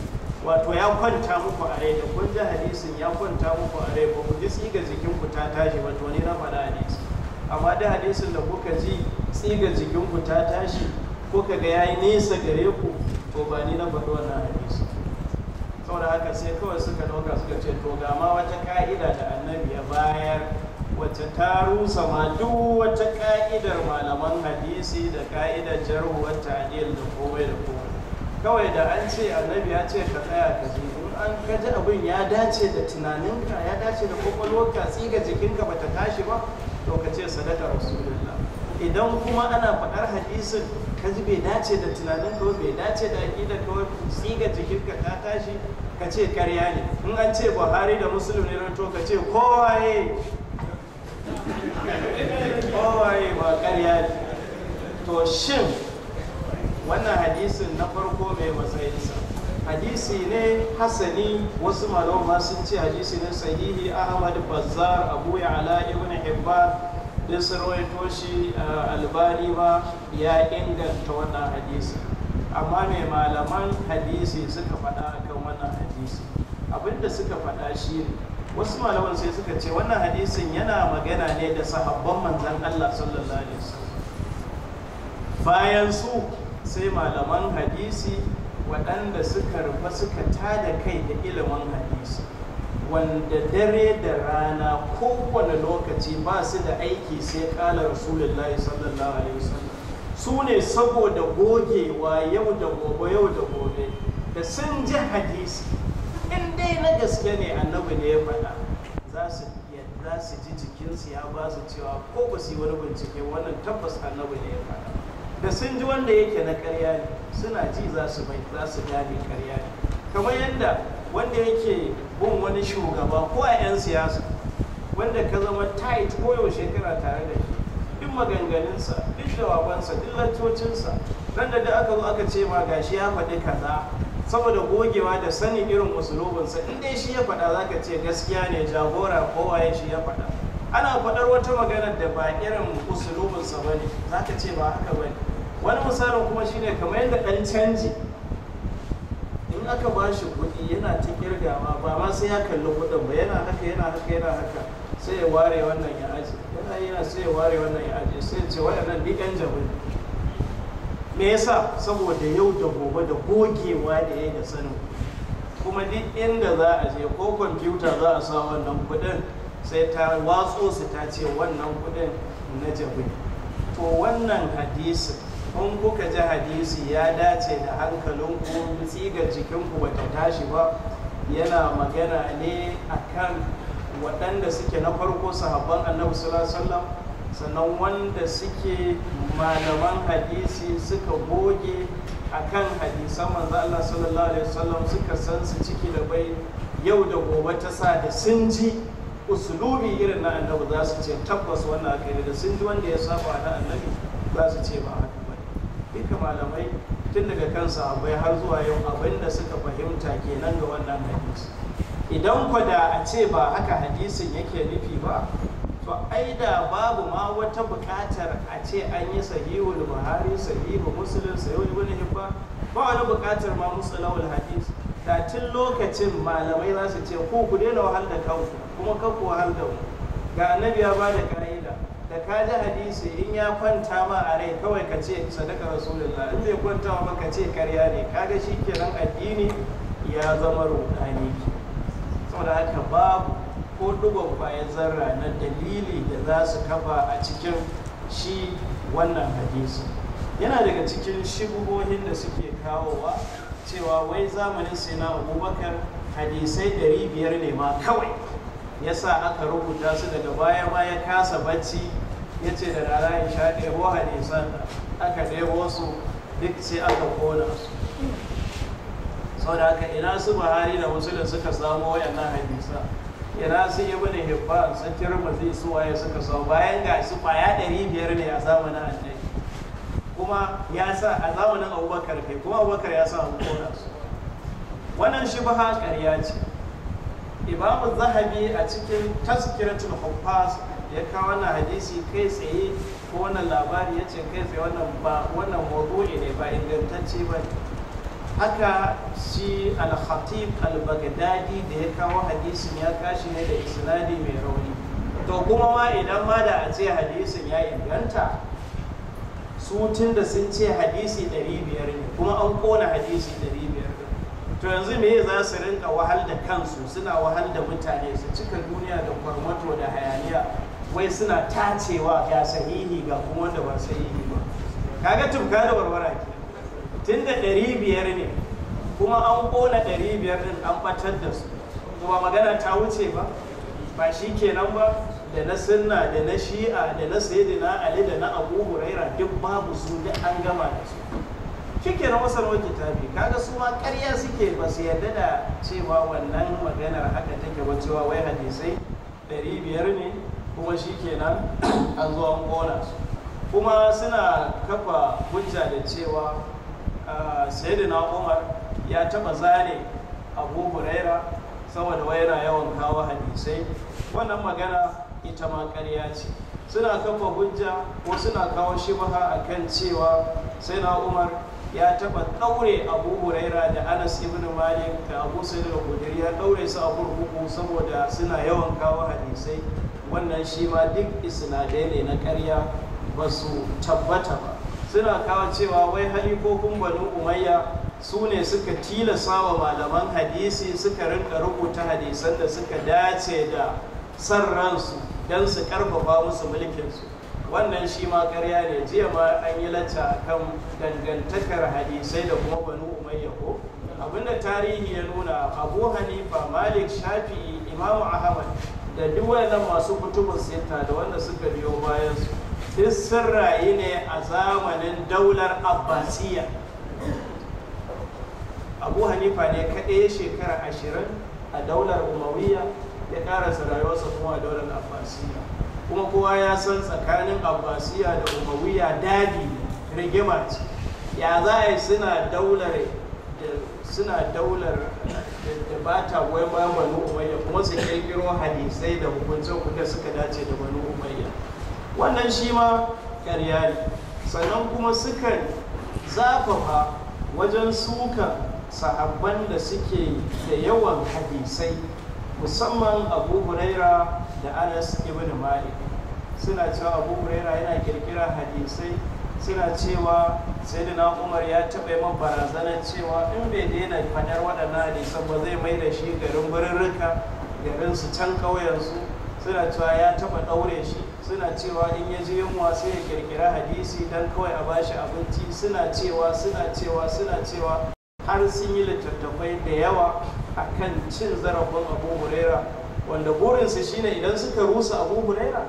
wato ya kwanta muku a rai da kun ji hadisin ya kwanta muku a rai ba ku ji tsiga jikinku ta tashi wato ni na faɗa hadisi amma da hadisin da kuka ji tsiga jikinku ta tashi kuka ga yayi nesa gare ku to ba ni na faɗi wannan hadisi saboda haka sai kawai suka ɗauka suka ce to ga ma wata ka'ida da annabi ya bayar wacce ta rusa ma duk wata ka'idar malaman hadisi da ka'idar jarhuwar ta'adil da komai da komai kawai da an ce annabi ya ce ka tsaya ka ji an kaji abin ya dace da tunaninka ya dace da kwakwalwarka tsiga jikinka ba ta tashi ba to ka ce sadaka rasulullah idan kuma ana faɗar hadisin ka ji bai dace da tunanin kawai bai dace da aƙida kawai tsiga jikinka ta tashi ka ce karya ne in an ce buhari da musulun ne to ka ce kowaye kowaye ba karya ne to shin wannan hadisin na farko mai matsayinsa hadisi ne hasani wasu malama sun ce hadisi ne sahihi ahmad bazzar abu ya ala ibn hibba duk sarwaito shi albani ya inganta wannan hadisi amma mai malaman hadisi suka faɗa akan wannan hadisi abinda suka faɗa shi ne wasu malaman sai suka ce wannan hadisin yana magana ne da sahabban manzan Allah sallallahu alaihi wasallam bayan su sai malaman hadisi waɗanda suka rufa suka tada kai da ilimin hadisi wanda dare da rana kowane lokaci ba su da aiki sai kala rasulullahi sallallahu alaihi wasallam su ne saboda gogewa yau da gobe yau da gobe da sun ji hadisi in dai na gaske ne annabi ne ya faɗa za su za su ji jikinsu ya ba su cewa ko ba su yi wani bincike wannan tabbas annabi ne ya faɗa da sun ji wanda yake na karya ne suna ji za su gane karya ne kamar yadda wanda yake bin wani shugaba ko a 'yan siyasa wanda ka zama tight koyaushe kana tare da shi duk maganganunsa duk jawabansa duk lantocinsa nan da duk aka zo aka ce ma shi ya faɗi kaza saboda gogewa da sanin irin musulubinsa in dai shi ya faɗa za ka ce gaskiya ne jagora ya shi ya faɗa ana faɗar wata magana da ba irin musulubinsa ba ne za ka ce ba haka ba ne wani misalin kuma shine kamar yadda ɗan canji aka ba shi kuɗi yana cin kirgawa ba ma sai ya kalli kuɗin ba yana haka yana haka yana haka sai ya ware wannan ya aji yana yana sai ya ware wannan ya aji sai ce waɗannan duk yan jabu me yasa saboda yau da gobe da gogewa da ya da sanin kuma duk inda za a je ko kwamfuta za a sa wannan kuɗin sai ta watso su ta ce wannan kuɗin na jabu to wannan hadisin in kuka ji hadisi ya dace da hankalinku tsigar jikinku bata tashi ba yana magana ne akan waɗanda suke na farko sahabban annabi sallallahu alaihi sannan wanda suke malaman hadisi suka goge akan hadisan manzo Allah sallallahu alaihi wasallam suka san su ciki da bai yau da gobe ta sa da sun ji usulubi irin na annabi za su ce tabbas wannan aka da sun ji wanda ya saba da annabi za su ce ba haka duka malamai tun daga kansa abai har zuwa yau abin da suka fahimta kenan ga wannan hadisi idan ku da a ce ba haka hadisin yake nufi ba to ai da babu ma wata buƙatar a ce an yi sahihul buhari sahihu muslim sahihul ibn hibba ba wani buƙatar ma musalawul hadis da tun lokacin malamai za su ce ku ku daina wahal da kanku kuma kanku wahal da mu ga annabi ya ba da ka'ida da ka ji hadisi in ya kwanta ma a rai kawai ka ce sadaka rasulullah in bai kwanta ma ka ce karya ne kaga shi addini ya zama rudani saboda haka babu ko dubon bayan zarra na dalili da za su kafa a cikin shi wannan hadisi yana daga cikin shigohin da suke kawowa cewa wai zamanin na abubakar hadisai dari biyar ne ma kawai ya sa aka rubuta su daga baya ma ya kasa bacci ya ce da rana ya sha ɗebo hadisan aka ɗebo su duk sai aka kona su sau da haka ina su buhari da musulun suka samu wayannan hadisa ina su ibn hibban su tirmidhi su waye suka samu bayan ga su baya ɗari biyar ne a zamanin annabi kuma ya sa a zamanin abubakar kai kuma abubakar ya sa mu kona su wannan shi shubha ƙarya ce imamu zahabi a cikin tazkiratul huffaz ya kawo wannan hadisi kai tsaye ko wannan labari ya ce kai tsaye wannan ba wannan mawdu'i ne ba ingantacce ba haka shi al-khatib al-baghdadi da ya kawo hadisin ya kashi ne da isnadi mai rauni to kuma ma idan ma da a ce hadisin ya inganta su tun da sun ce hadisi 500 ne kuma an kona hadisi 500 to yanzu me za su rinka wahal da kansu suna wahal da mutane su cika duniya da kwarmato da hayaniya wai suna tacewa ya sahihi ga kuma da ba sahihi ba kaga tufka da warwara ke tun da ɗari biyar ne kuma an ƙona ɗari biyar ɗin an ɓatar da su kuma magana ta wuce ba ba shi kenan ba da na sunna da na shi'a da na na ali da na abu huraira duk babu su da an gama da su ke na masarwar kitabi kaga su ma ƙarya suke ba su yarda da cewa wannan maganar haka take wacewa wai hadisai ɗari biyar ne kuma shi kenan an zo an kona su kuma suna kafa hujja da cewa sayyidina umar ya taba zane abu huraira saboda yana yawan kawo hadisai wannan magana ita ma ƙarya ce suna kafa hujja ko suna kawo shibaha kan cewa sayyidina umar ya taba ɗaure abu huraira da anas ibn malik da abu sa'id al ya ɗaure su a kurkuku saboda suna yawan kawo hadisai wannan shi ma duk isnadai ne na karya ba su tabbata ba suna kawo cewa wai halikokun banu umayya su ne suka tilasa wa malaman hadisi suka rinka rubuta hadisan da suka dace da san ransu don su karfafa musu mulkinsu wannan shi ma karya ne jiya ma an yi lacca kan dangantakar hadisai da kuma banu umayya ko abinda tarihi ya nuna abu hanifa malik shafi'i imamu ahmad da duk wayannan masu kutubun sita da wanda suka biyo bayan su duk sun rayu ne a zamanin daular abbasiya abu hanifa ne kaɗai shekara ashirin a daular umawiya ya ƙarasa rayuwarsa kuma a daular abbasiya kuma kowa ya san tsakanin abbasiya da umawiya dadi rigima ce ya za a yi suna daular da ba ta wai ma umayya kuma su kirkiro hadisai da hukuncin kuka suka dace da wani umayya wannan shi ma karya ne sannan kuma sukan zafafa wajen suka sahabban da suke da yawan hadisai musamman abu huraira da anas ibn malik suna cewa abu huraira yana kirkira hadisai suna cewa sai da na umar ya taɓa min barazanar cewa in bai daina fadar waɗannan hadisan ba zai mai da shi garin birrika garin su can ƙauyensu suna cewa ya taɓa ɗaure shi suna cewa in ya ji yunwa sai ya kirkira hadisi don kawai a ba shi abinci suna cewa suna cewa suna cewa har sun yi littattafai da yawa a kan cin zarafin abu huraira wanda burinsu shine idan suka rusa abu huraira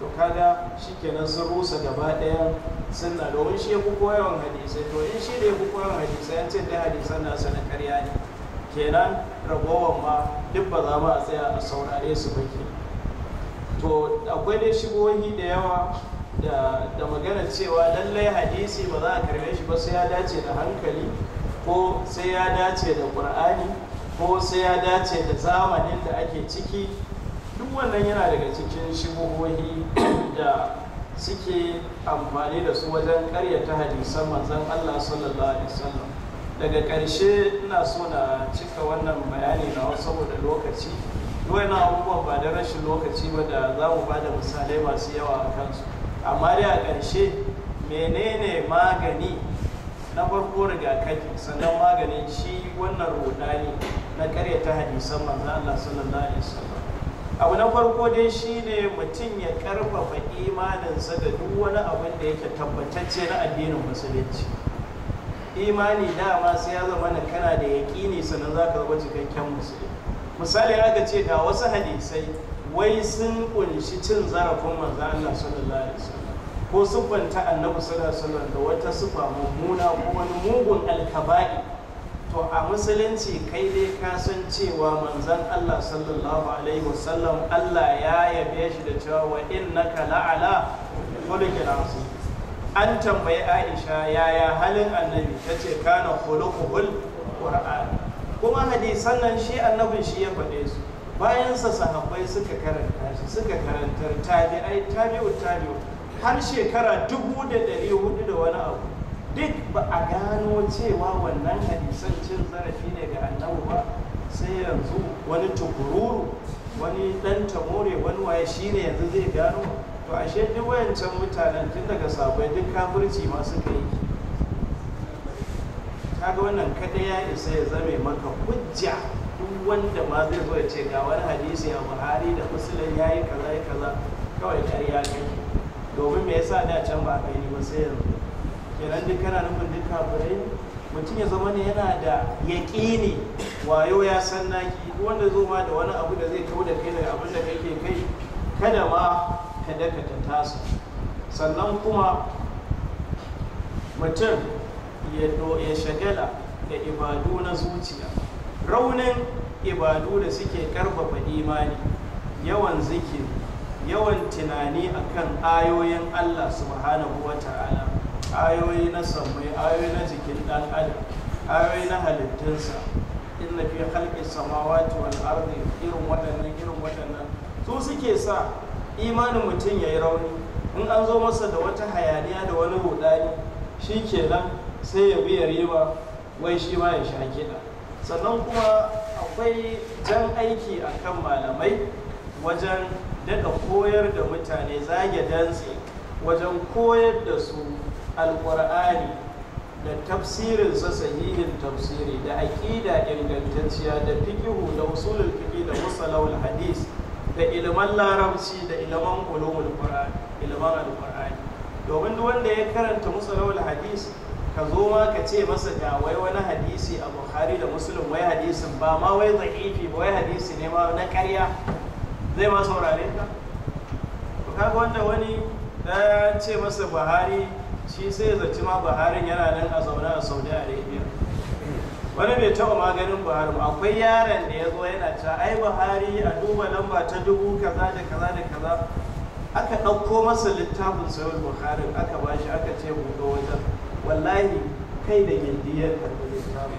to kaga shikenan sun rusa gaba ɗaya sunna domin shi ya hadisai to in shi da ya fi hadisai an ce da hadisan na sanin karya ne kenan ragowar ma duk ba za mu a tsaya a saurare su ba ke to akwai dai shigohi da yawa da magana cewa lallai hadisi ba za a karbe shi ba sai ya dace da hankali ko sai ya dace da ƙur'ani ko sai ya dace da zamanin da ake ciki wannan yana daga cikin shigohohi da suke amfani da su wajen karyata hadisan manzan Allah sallallahu alaihi wasallam daga ƙarshe ina so na cika wannan bayani na saboda lokaci na abubuwan ba da rashin lokaci ba da za mu ba da misalai masu yawa a kansu amma dai a ƙarshe menene magani na farko rigakafi sannan maganin shi wannan rudani na karyata hadisan manzan Allah sallallahu alaihi wasallam abu na farko dai shine mutum ya karfafa imaninsa da duk wani abin da yake tabbatacce na addinin musulunci imani dama sai ya zama na kana da yaƙini sannan za ka zama cikakken musulmi misali aka ce da wasu hadisai wai sun kunshi cin zarafin manzo Allah sallallahu alaihi wasallam ko siffanta annabi sallallahu alaihi wasallam da wata siffa mummuna ko wani mugun alkaba'i to a musulunci kai dai ka san cewa manzan Allah sallallahu alaihi wasallam Allah ya yabe shi da cewa wa innaka la'ala khuluqin azim an tambayi Aisha yaya halin annabi tace kana khuluquhul qur'an kuma hadisan nan shi annabin shi ya faɗe su bayan sa sahabbai suka karanta shi suka karantar tabi'ai tabi'u tabi'u har shekara dubu da hudu da wani abu duk ba a gano cewa wannan hadisan cin zarafi ne ga annabu ba sai yanzu wani tukururu wani dan tamore wani waye ne yanzu zai gano to ashe duk wayancan mutanen tun daga sabai duk kafirci ma suka yi kaga wannan kada ya isa ya zame maka hujja duk wanda ma zai zo ya ce ga wani hadisi a buhari da musulun ya yi kaza ya kaza kawai ƙarya ne domin me yasa da can ba a kai ba sai yanzu kenan duk kana nufin duk kafirai mutum ya zama ne yana da ne wayo ya san naki wanda zo ma da wani abu da zai kau da kai daga abin da kake kai kada ma ka dakata tasa sannan kuma mutum ya shagala da ibadu na zuciya raunin ibadu da suke karfafa imani yawan zikin yawan tunani akan ayoyin allah subhanahu wa ta'ala ayoyi na samai ayoyi na jikin dan adam ayoyi na halittunsa inna fi khalqi samawati wal ardi irin waɗannan irin waɗannan su suke sa imanin mutum yayi rauni in an zo masa da wata hayaniya da wani rudani shikenan sai ya biya riba wai shi ma ya sha kiɗa sannan kuma akwai jan aiki akan malamai wajen daga koyar da mutane zage dantse wajen koyar da su alƙur'ani da tafsirin sa sahihin tafsiri da aƙida ingantacciya da fikihu da usulul fiqi da musalawul hadis da ilman larabci da ilman ulumul qur'an ilman alqur'ani domin duk wanda ya karanta musalawul hadis ka zo ma ka ce masa ga wai wani hadisi a bukhari da muslim wai hadisin ba ma wai za'ifi ba wai hadisi ne ma na karya zai ma saurare ka ka ga wanda wani ya ce masa buhari shi sai zaci ma buharin yana nan a zaune a saudi arabia wani bai taɓa maganin buhari akwai yaron da ya zo yana cewa ai buhari a duba lamba ta dubu kaza da kaza da kaza aka ɗauko masa littafin sayar buhari aka ba shi aka ce buɗe wajen wallahi kai da gindiyar karɓi littafin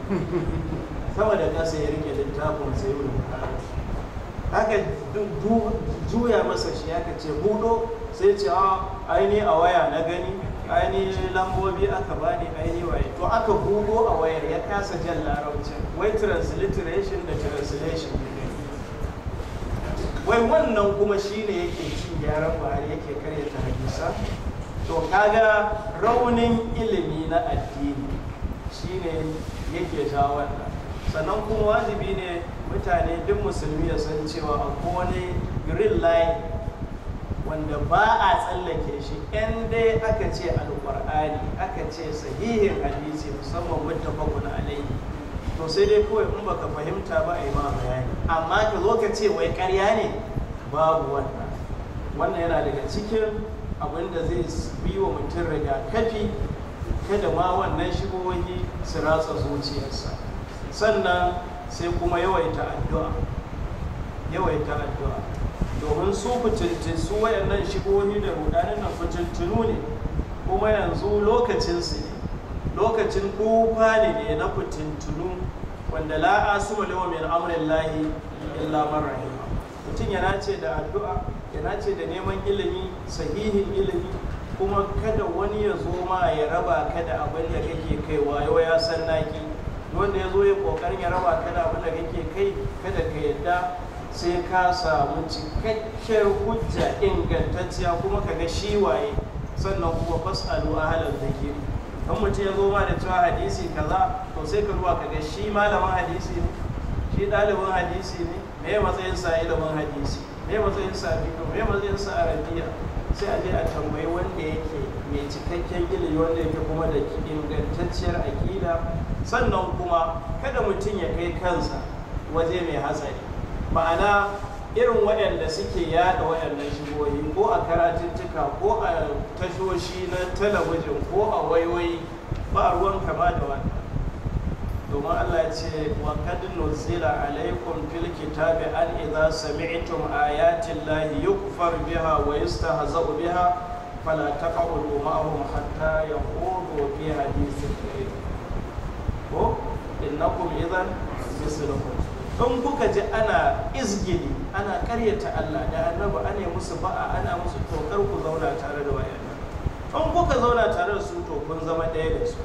sama da ƙasa ya rike littafin sayar buhari aka juya masa shi aka ce buɗo sai ce a ah, aini a waya na gani ainihin lambobi aka bani ainihin waye to aka gugo a wayar ya kasa jan larabcin wai transliteration da translation wai wannan kuma shine yake cin gyaran buhari yake karyata hadisa to kaga raunin ilimi na addini shine yake ja wannan sannan kuma wajibi ne mutane duk musulmi ya san cewa a kone green line wanda ba a tsallake shi in dai aka ce alƙur'ani aka ce sahihin hadisi musamman muttafaqun alayhi to sai dai kawai in baka fahimta ba a yi ma bayani amma ka zo ka ce wai karya ne babu wannan wannan yana daga cikin abin da zai bi wa mutum rigakafi kada ma wannan shigohi su ratsa zuciyarsa sannan sai kuma yawaita addu'a yawaita addu'a domin su fitintun su wayannan ni da rudanin nan fitintunu ne kuma yanzu lokacinsu ne lokacin kufani ne na fitintunu wanda la asima lewa min lahi illa man rahima mutum ya nace da addu'a ya nace da neman ilimi sahihin ilimi kuma kada wani ya zo ma ya raba ka da abin da kake kaiwa yau ya san naki wanda ya zo ya kokarin ya raba ka da abin da kake kai kada ka yadda sai ka samu cikakken hujja ingantacciya kuma ka ga shi waye sannan kuma fasalu ahlal zikiri kan mutum ya zo ma da cewa hadisi kaza to sai ka ruwa ka ga shi malamin hadisi ne shi ɗalibin hadisi ne me matsayin sa ilimin hadisi me matsayin sa fiqh me matsayin sa arabiya sai a je a tambayi wanda yake mai cikakken ilimi wanda yake kuma da ingantacciyar akida sannan kuma kada mutum ya kai kansa waje mai hatsari ma'ana irin waɗanda suke yada waɗannan shigoyi ko a karatuttuka ko a tashoshi na talabijin ko a waiwai ba ruwan kama da wannan domin Allah ce wa kad nuzila alaikum fil kitabi an idza sami'tum ayati llahi yukfar biha wa yustahza'u biha fala taq'udu ma'ahum hatta yaqudu fi hadithin ko innakum idhan mislukum Don kuka ji ana izgili ana karyata Allah da annabi ana musu ba'a ana musu tokar ku zauna tare da wayan in kuka zauna tare da su to kun zama ɗaya da su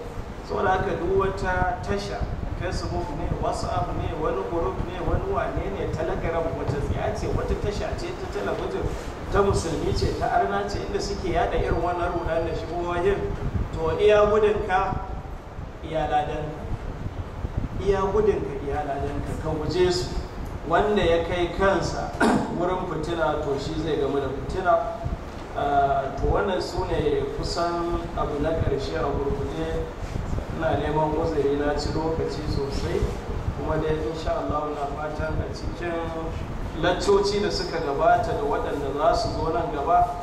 saboda haka duk wata tasha facebook ne whatsapp ne wani group ne wani wane ne telegram wata tsiya ce wata tasha ce ta talabijin ta musulmi ce ta arna ce inda suke yada irin wannan runa da shigo wajen to iya ka iya ladan iya gudun ka iya ladanka ka guje su wanda ya kai kansa wurin fitina to shi zai gama da fitina ah, to wannan su ne kusan abu na karshe a gurguje ina neman uzuri na ci lokaci sosai kuma dai insha Allah na fatan a cikin laccoci da suka gabata da waɗanda za su zo nan gaba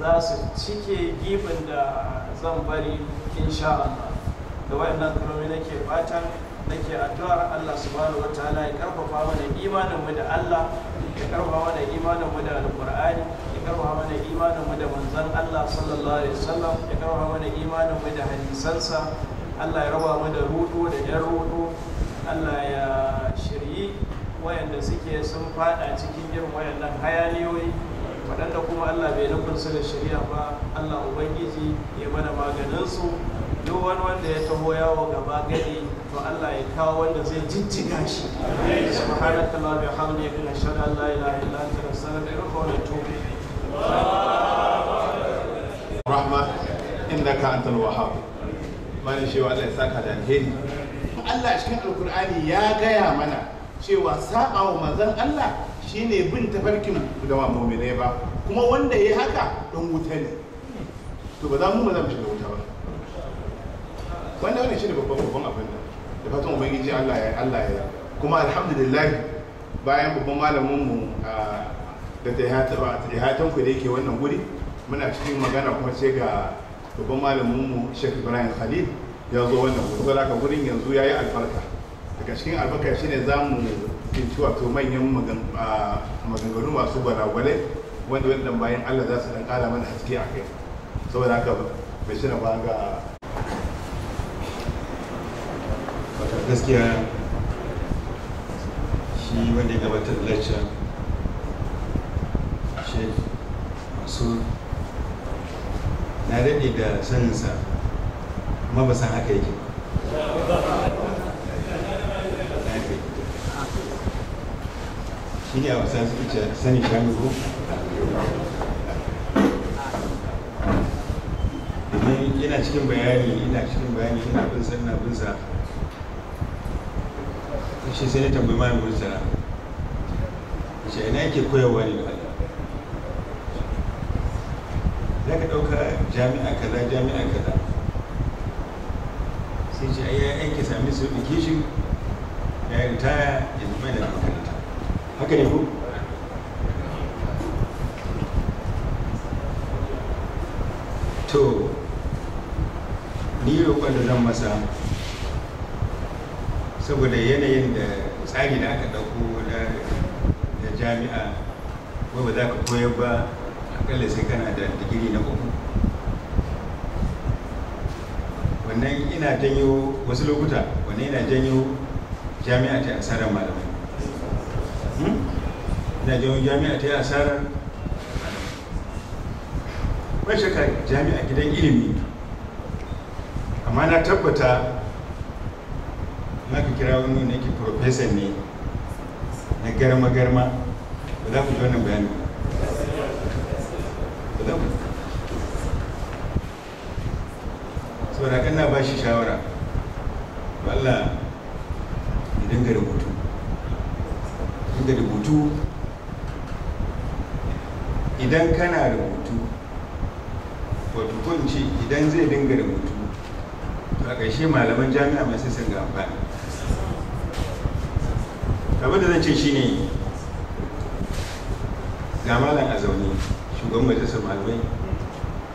za su cike gibin da zan bari insha Allah da waɗannan kalmomi nake fatan nake addu'ar Allah subhanahu wataala ya karfafa mana imanin mu da Allah ya karfafa mana imanin mu da alqur'ani ya karfafa mana imanin mu da manzon Allah sallallahu alaihi wasallam ya karfafa mana imanin mu da hadisansa Allah ya raba mu da rudu da yan rudu Allah ya shiryi wayanda suke sun fada cikin irin wayannan hayaniyoyi waɗanda kuma Allah bai nufin su da shari'a ba Allah ubangiji ya mana maganinsu duk wani wanda ya taho yawo gaba gadi to Allah ya kawo wanda zai jijjiga shi subhanaka allahumma wa bihamdika nashhadu an la ilaha illa anta nastaghfiruka wa natubu rahma innaka antal wahhab mana shi Allah ya saka da alheri Allah cikin alkur'ani ya gaya mana cewa sa'a wa mazan Allah shine bin tafarkin da wa mu'mine ba kuma wanda ya haka don wuta ne to ba za mu ba za mu shiga wuta ba wanda shi ne babban babban abin da fatan ubangiji Allah ya Allah ya kuma alhamdulillah bayan babban malamin mu da tahatan ku da yake wannan guri muna cikin magana kuma sai ga babban malamin mu Sheikh Ibrahim Khalil ya zo wannan guri saboda haka gurin yanzu yayi albarka daga cikin albarka shine zamu kinci wato manyan maganganu masu gwalagwale wanda wannan bayan Allah za su dan kara mana haske a kai saboda haka bai shi na ba ga gaskiya shi wanda ya gabatar da lecture shi masu na daɗe da saninsa kuma ba san haka yake shi ne a wasa su ce sanin shanu ko yana cikin bayani ina cikin bayani ina bin sa ina bin sa shi sai na tambayi mai mursala shi ina yake koyarwa ne da za ka ɗauka jami'a kaza jami'a kaza sai shi a ya aiki sami su education ya yi ritaya ya zama da makaranta haka ne ku to ni roƙon da zan masa saboda yanayin da tsari da aka ɗauko da jami'a ko ba za ka koyar ba akalla sai kana da digiri na uku wannan ina janyo wasu lokuta wannan ina janyo jami'a ta asarar malamai hmm? ina janyo jami'a ta asarar malamai shakka jami'a gidan ilimi amma na tabbata kira wani ne ke professor ne na garma-garma ba za ku ji wannan bayani ba za ku saboda kan na ba shi shawara ba Allah ya dinga rubutu dinga rubutu idan kana rubutu wato kunci idan zai dinga rubutu to a ƙarshe malaman jami'a mai sun ga amfani abin da zan ce shine ga malam a zaune shugaban majalisar malamai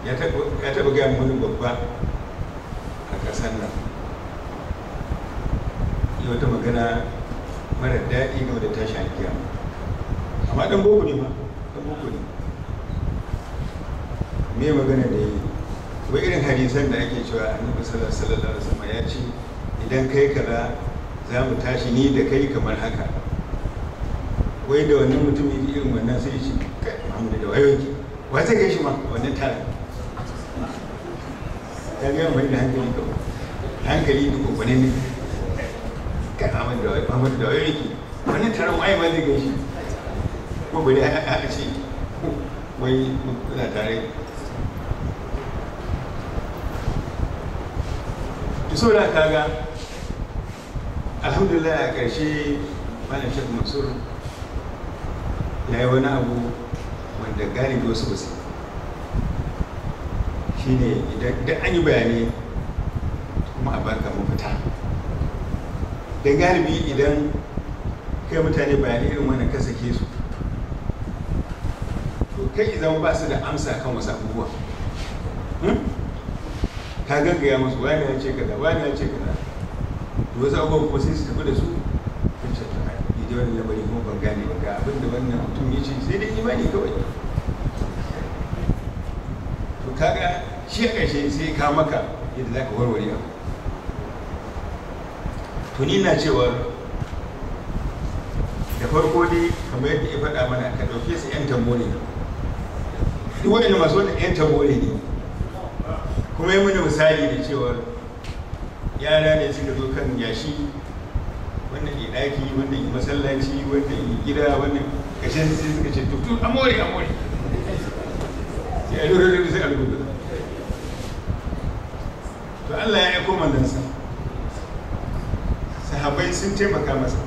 ya taɓa gaya wani babba a ƙasar nan yi wata magana mara daɗi game wadda tashi hankiya amma ɗan boko ne ma ɗan boko ne me magana da yi wai irin hadisan da ake cewa annabi sallallahu alaihi wasallam ya ce idan kai kaza za mu tashi ni da kai kamar haka wai da wannan mutum irin wannan sai shi kai Muhammadu da wayoyi wa zai gaishe ma wannan tara ta biya mai da hankali ko hankali da kokone ne kai Muhammadu da wayoyi Muhammadu da wayoyi wannan tara ai ma zai gaishe ko bari a ce wai kuna tare so da kaga alhamdulillah a ƙarshe malam shek mansur ya yi wani abu wanda galibi wasu ba su ne idan an yi bayani kuma a baka mafita da galibi idan kai mutane bayani irin wani ka sake su to kai zama ba su da amsa kan wasu abubuwa hmm? ka gaggaya musu wani ya ce da, wani ya ce kaza to wasu abubuwan kuma sai su tafi da su wancan ta ai ni da wannan labari kuma ban gane ba ga abin da wannan mutum ya ce sai dai imani kawai to kaga shi a ƙarshe sai ka maka yadda za ka warware abu to ni na cewa da farko dai kamar yadda ya faɗa mana ka ɗauke su 'yan tambo ne duk wani masu wani 'yan tambo ne kuma yi mini misali da cewa. Gyara ne suka zo kan yashi wannan yi daki, wannan yi masallaci wannan yi gida wannan kashe sai suka ce tutu amori amori sai a lura da sai a lura to Allah ya aiko manzansa sahabai sun taimaka masa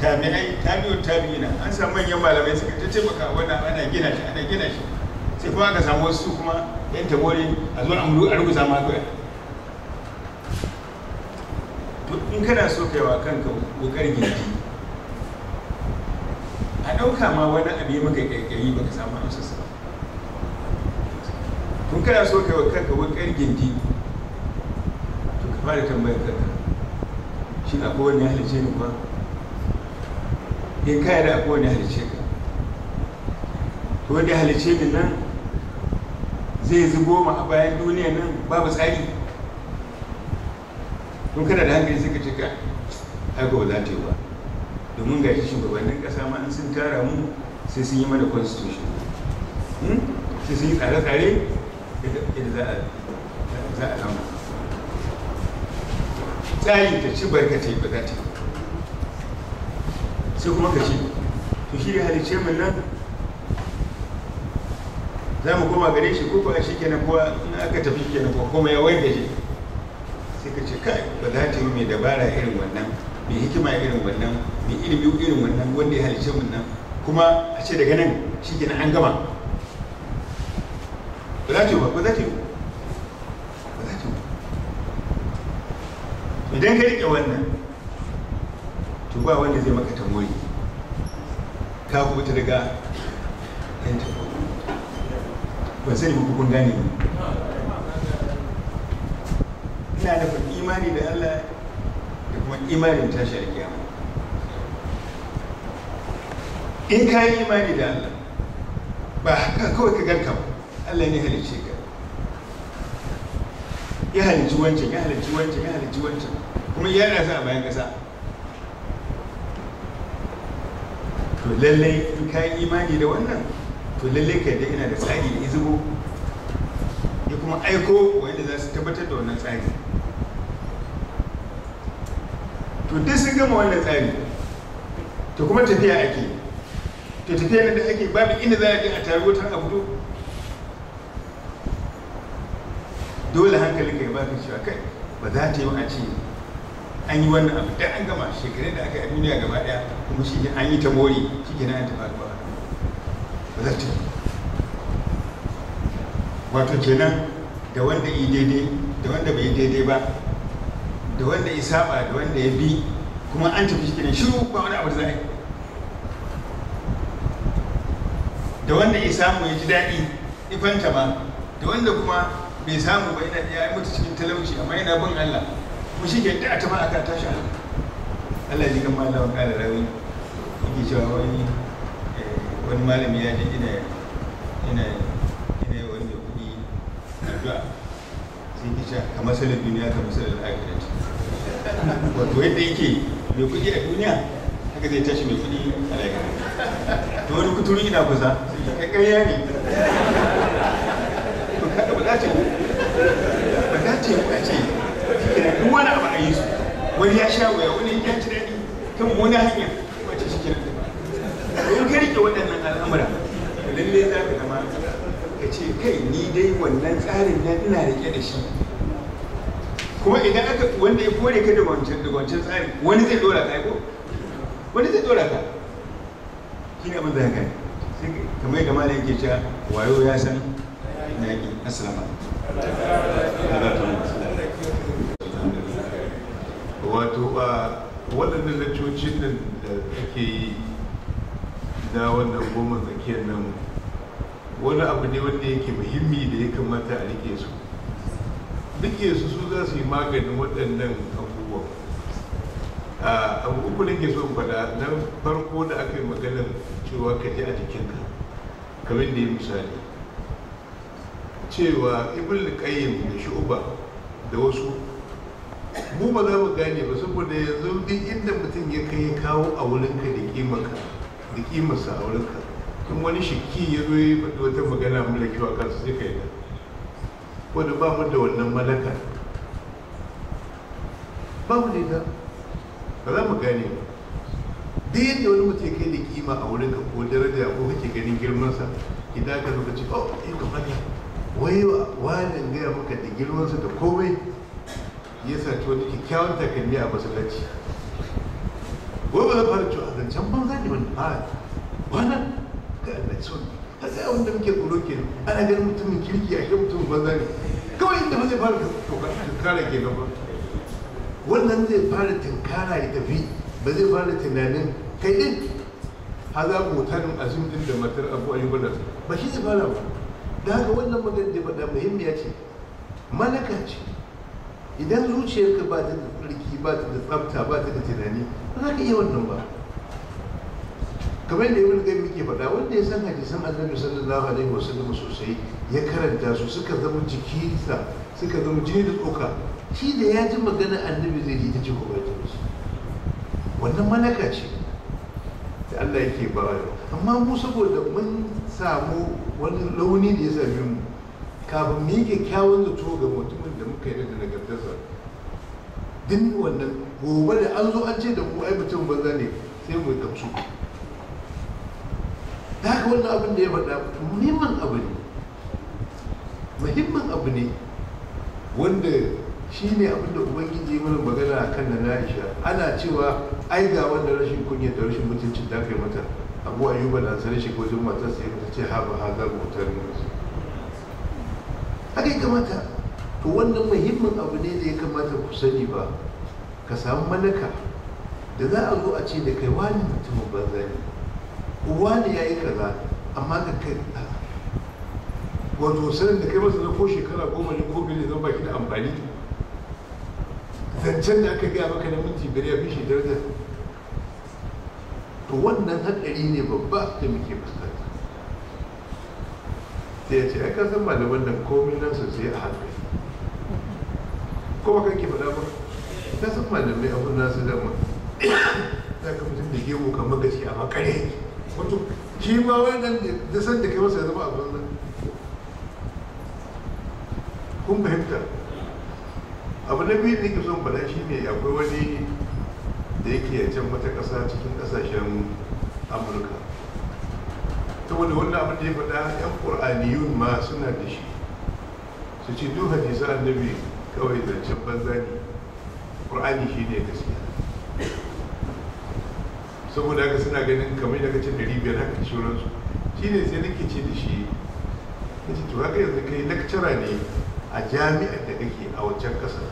tabi'ai tabi'un tabi'ina an samu manyan malamai suka ta taimaka wannan ana gina shi ana gina shi sai kuma aka samu wasu kuma yan tabori a zo a rubuta ma kawai in kana so kai wa kanka wukar gindi a ɗauka ma wani abu yi maka ƙaiƙayi baka samu amsarsa ba tun kana so kai wa kanka wukar gindi to ka fara tambayar kanka shi akwai kowane ya halice ni ba in ka da akwai wani ya halice ka to wanda ya halice ni nan zai zubo ma a bayan duniya nan babu tsari kun kada da hankali suka ce ka aiko za ta yi ba domin ga shi shugabannin kasa ma an sun tara mu sai sun yi mana constitution hmm? sai sun yi tsare-tsare yadda za a zama tsayi ta ci barkatai ba za ta yi sai kuma ka ce to shi halice mun nan za mu koma gare shi ko ba shi kenan kowa in aka tafi kenan kowa kuma ya wai da shi suka ce kai ba za ta yi mai dabara irin wannan mai hikima irin wannan mai ilimi irin wannan wanda ya halice mun nan kuma a ce daga nan shi kenan an gama ba za ta yi ba ba za ta yi ba za ta yi idan ka riƙe wannan to ba wanda zai maka tamori ka ta daga ban tafi ba sani kun gane ne ina nufin imani da Allah da kuma imanin tashar kiyama in ka yi imani da Allah ba haka kawai ka ganka ba Allah ne halice ka ya halicci wancan ya halicci wancan ya halicci wancan kuma ya yana a bayan kasa to lallai in ka yi imani da wannan to lallai ka yadda ina da tsari da izubo ya kuma aiko wanda za su tabbatar da wannan tsari to duk sun gama wannan tsari to kuma tafiya ake to tafiya da ake babu inda za a je a tare wutar abu dole hankalinka ya baka cewa kai ba za ta yi a ce an yi wannan abu da an gama shekarun da aka yi a duniya gaba daya kuma shi ne an yi ta mori shi ke nan ta faru ba ba za ta yi wato kenan da wanda yi daidai da wanda bai yi daidai ba da wanda ya saba da wanda ya bi kuma an tafi shi shiru ba wani abu da za yi da wanda ya samu ya ji daɗi ifanta ba da wanda kuma bai samu ba yana ya mutu cikin talauci amma yana bin Allah kuma shi ke da a tama aka tashi Allah ji kama Allah kala rawi yake cewa wani eh, wani malami ya ji ina ina ina wani kudi kuɗi addu'a sai ke cewa kamar salafin ya kamar salafin akirati wato yadda yake mai kuɗi a duniya haka zai tashi mai kuɗi a laifin to wani kuturu ina kusa sai ka ne to kaga ba dace ba dace a ce kira duk wani abu a yi su wani ya sha waya wani ya ci daɗi kan wani hanya wace shi kira in ka rike waɗannan al'amura lalle za ka zama ka ce kai ni dai wannan tsarin na ina rike da shi kuma idan aka wanda ya kore ka da wancan da wancan tsari wani zai dora ka ko wani zai dora ka shi ne abin da ya gani sai kamar yadda da yake cewa wayo ya san na yaƙi asalama wato ba waɗannan lacocin nan da ake yi da wannan goma tsakiyar nan wani abu ne wanda yake muhimmi da ya kamata a rike su Duk su su za su yi maganin waɗannan abubuwan abu uku ne ke son faɗa na farko da aka yi maganar cewa ka ji a jikinka kamar da ya misali cewa ibn qayyim da shu'ba da wasu mu ba za mu gane ba saboda yanzu duk inda mutum ya kai ya kawo a wurinka da kimaka da kimasa a wurinka tun wani shiki ya zo ya faɗi wata magana mulakewa kansa sai ka yi wadda ba mu da wannan malaka ba mu da ba za mu gane ba duk yadda wani mutum kai da kima a wurin ka ko daraja ko kake ganin girmansa idan ka zuka ce oh eh kamar ya wai wa nan gaya maka da girmansa da komai ya sa ci wani kyakkyawan takalmi a masallaci wai ba zan fara a zancen banza ne wani ba wani ga Allah a sai abin da muke tsoro ke ana ganin mutumin kirki a shi mutumin banza ne kawai inda ba zai fara tunkara ke nan ba wannan zai fara tunkara ya tafi ba zai fara tunanin kai din haza kotanin azum din da matar abu ayyuban da ba shi zai fara ba da haka wannan magana da faɗa muhimmiya ce malaka ce idan zuciyarka ba ta da tsarki ba ta da tsafta ba ta da tunani ba za ka iya wannan ba kamar da wani qayyim muke faɗa wanda ya san hadisan annabi sallallahu alaihi wasallam sosai ya karanta su suka zama jikinsa suka zama jini da tsoka shi da ya ji magana annabi zai ji ta ci kuma su wannan malaka ce da Allah yake ba amma mu saboda mun samu wani launi da ya same mu kafin mu yi kyakkyawan zato ga mutumin da muka yi da nagartarsa din wannan gobe da an zo an ce da mu ai mutum banza ne sai mu gamsu ya ga wannan abin da ya faɗa muhimmin abu ne muhimmin abu ne wanda shi ne abin da ubangiji ya mana magana a kan na na'isha ana cewa ai ga wanda rashin kunya da rashin mutuncin da kai mata abu yi da ansari shi wajen matarsa ya mata ce ha ba ha za mu ne haka ya kamata to wannan muhimmin abu ne da ya kamata ku sani ba ka samu malaka da za a zo a ce da kai wani mutumin banza ne wani ya yi kaza amma ka kai wato sanin da kai masa na ko shekara goma ne ko biyu ne zan baki da amfani zancen da aka gaya maka na minti biyar ya fi shi daraja to wannan haɗari ne babba da muke fuskanta sai ya ce ai kasan malaman nan komai nan su sai a hankali kuma kake faɗa ba san malamai abin nasu dama za ka mutum da gemu kamar gaske a makare wato shi ma wannan da san da ke masa ya zama a banza kun fahimta abu na biyu da ke son fada shi ne akwai wani da yake a can wata ƙasa cikin ƙasashen amurka saboda wannan abin da ya faɗa yan ƙur'aniyun ma suna da shi su ce duk hadisa annabi kawai zancen banza ne ƙur'ani shi ne gaskiya saboda haka suna ganin kamar da kace ɗari biyar haka shoransu shi ne sai nake ce da shi na ce to haka yanzu kai lakcara ne a jami'ar da kake a wancan ƙasar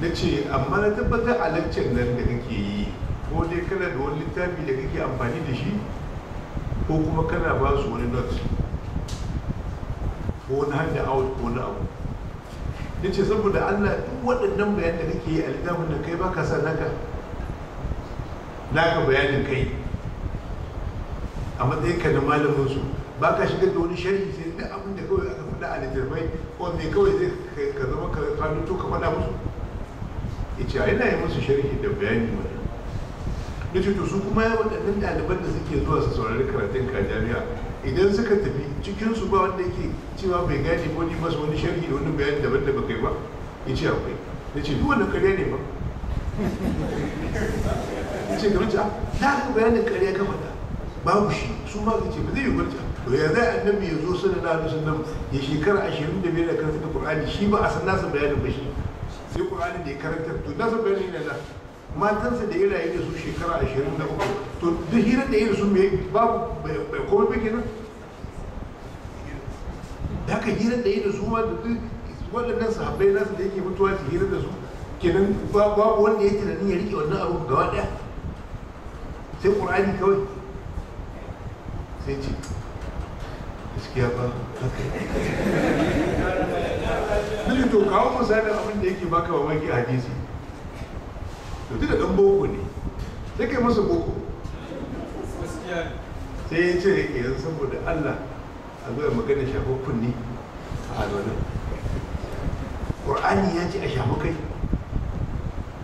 na ce amma na tabbatar a lakcar nan da kake yi ko dai kana da wani littafi da kake amfani da shi ko kuma kana ba su wani not ko wani hand out ko wani abu na ce saboda allah duk waɗannan bayan da kake yi a littafin da kai baka san haka naka bayanin kai a matsayin ka da malamin su ba ka shigar da wani sharhi sai da abin da kawai aka faɗa a littattafai mai kawai zai ka zama ka to ka faɗa musu ya ce yana yi musu sharhi da bayani wani na ce to su kuma ya waɗannan ɗaliban da suke zuwa su saurari karatun ka jami'a idan suka tafi cikinsu ba wanda yake cewa bai gane ko ni masu wani sharhi da wani bayani daban da ba kai ba ya ce akwai na ce duk wannan kare ne ba ce kamar ta ga ka kare ka faɗa babu shi su ma ka ce ba zai yi gwarta to ya zai annabi ya zo sun da sun ya shekara ashirin da biyar da karanta ƙur'ani shi ba a san nasa bayanin ba shi sai ƙur'ani da ya karanta to nasa bayanin yana nan matansa da ya da su shekara ashirin da uku to duk hirar da ya da su mai babu bai komai ba kenan da haka hirar da ya da su ma da duk waɗannan sahabbai nasu da yake mutuwa su hirar da su kenan babu wanda ya tunanin ya riƙe wannan abu gaba ɗaya sai ƙur'ani kawai sai ce gaskiya ba haka to kawo misalin abin da yake baka mamaki a hadisi to da dan boko ne sai kai masa boko sai ya ce yake yanzu saboda Allah a zo magana shafa kunni a halolin ƙur'ani ya ce a shafa kai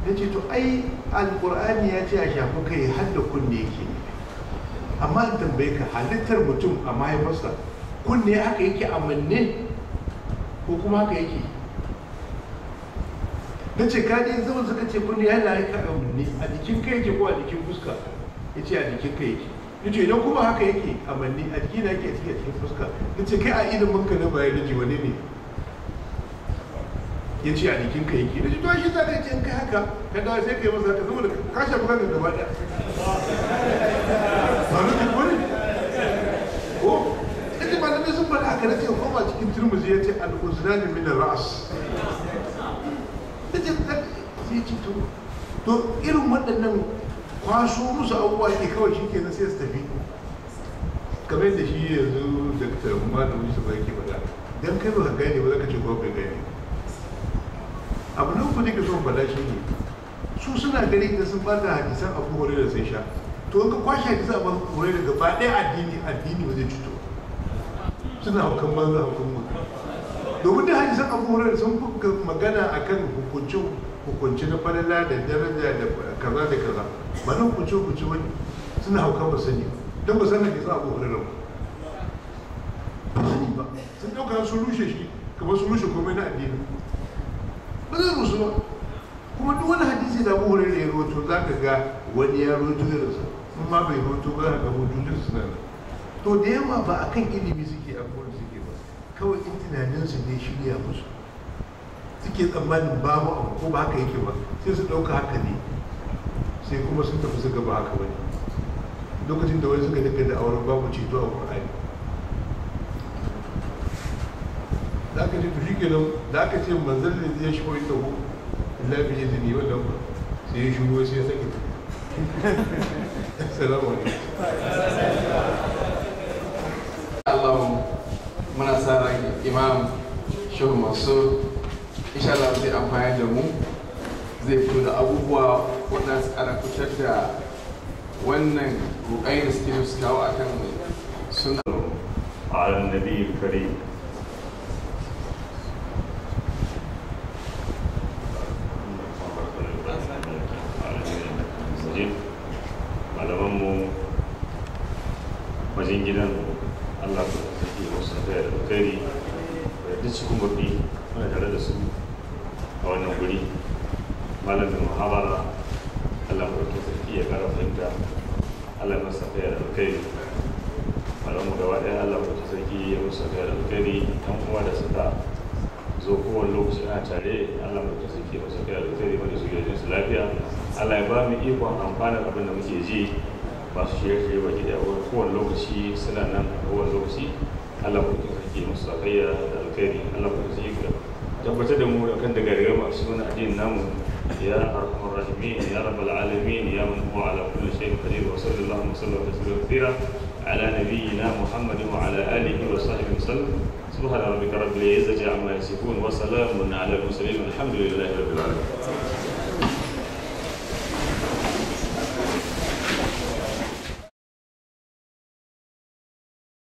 na ce to ai alkur'ani ya ce a shafi kai har da kunne yake amma an tambaye ka halittar mutum a mahaifarsa kunne haka yake a manne ko kuma haka yake na ce ka dai zama suka ce kunne ya yi ka a manne a jikin kai yake ko a jikin fuska ya ce a jikin kai yake ya ce idan kuma haka yake a manne a jiki na yake a cikin fuska na ce kai a ilimin ka na ji wani ne ya ce a jikin ka yake da shi to shi za ka ce kai haka ka dawo sai kai masa zama da ka shafi kanka gaba daya ba na duk wani ko ita malamai sun faɗa haka na ce koma cikin turmuzi ya ce al-uzlani min ra'as ta ce ta ce to to irin waɗannan kwaso musu abubuwa ke kawai shi ke na sai su tafi kamar yadda shi yanzu da ta malamin shi ba ke faɗa dan kai ba ka gane ba za ka ce ko bai gane ba abu na uku da ke son faɗa shi ne su suna ganin da sun bata hadisan abu hore da sai sha to in ka kwashe hadisan abu hore da gaba ɗaya addini addini ba zai cuto suna haukan banza haukan mu domin da hadisan abu hore sun fi magana kan hukuncin hukunci na falala da daraja da kaza da kaza ba na hukunci hukunci wani suna haukan ba sani don ba sani hadisan abu hore ba ba sun ɗauka sun rushe shi kamar sun rushe komai na addini ba zai musu ba kuma duk wani hadisi da abu hurairu ya roto za ka ga wani ya roto ya rasu in ma bai roto ba za ka ga duniya suna nan to da yawa ba a kan ilimi suke abubuwan suke ba kawai in tunaninsu ne shirya musu suke tsammanin babu abu ko ba haka yake ba sai su ɗauka haka ne sai kuma sun tafi su gaba haka wani lokacin da wani suka daga da auren babu ceto a ƙur'ani da aka ce to shi kenan da aka ce manzan da zai shigo inda ku lafi ya zini wanda ba sai ya shigo sai ya sake salamu alaikum Allah muna sa ran imam shehu masu insha Allah zai amfani da mu zai fito da abubuwa wanda su ana fitar da wannan rukai da suke suka kawo kan suna على النبي karim magajin gidan allah ku sarki da ya da alkhairi da duk cikin baɗi muna tare da su a wannan guri malamin muhabara allah ku sarki sarki ya kara fahimta allah masa da alkhairi malamu gaba ɗaya allah ku sarki ya musa da kai, ɗan uwa da suka zo kowane lokaci ana tare allah ku sarki ya musa da alkhairi wani su gidajen su lafiya allah ya ba mu ikon amfanar abin da muke ji masu shirye-shirye ba gida wani kowane lokaci suna nan a kowane lokaci allah ku ta sarki musu sakayya da alkhairi allah ku ta sarki da tabbatar da mu da kan daga rigar masu suna addinin namu ya arhamar rahimin ya rabbal alamin ya man huwa ala kulli shay'in qadir wa sallallahu alaihi wa sallam tasliman kathira ala nabiyyina muhammadin wa ala alihi wa sahbihi wa sallam سبحان ربك رب العزة عما يصفون وسلام على المرسلين والحمد لله رب العالمين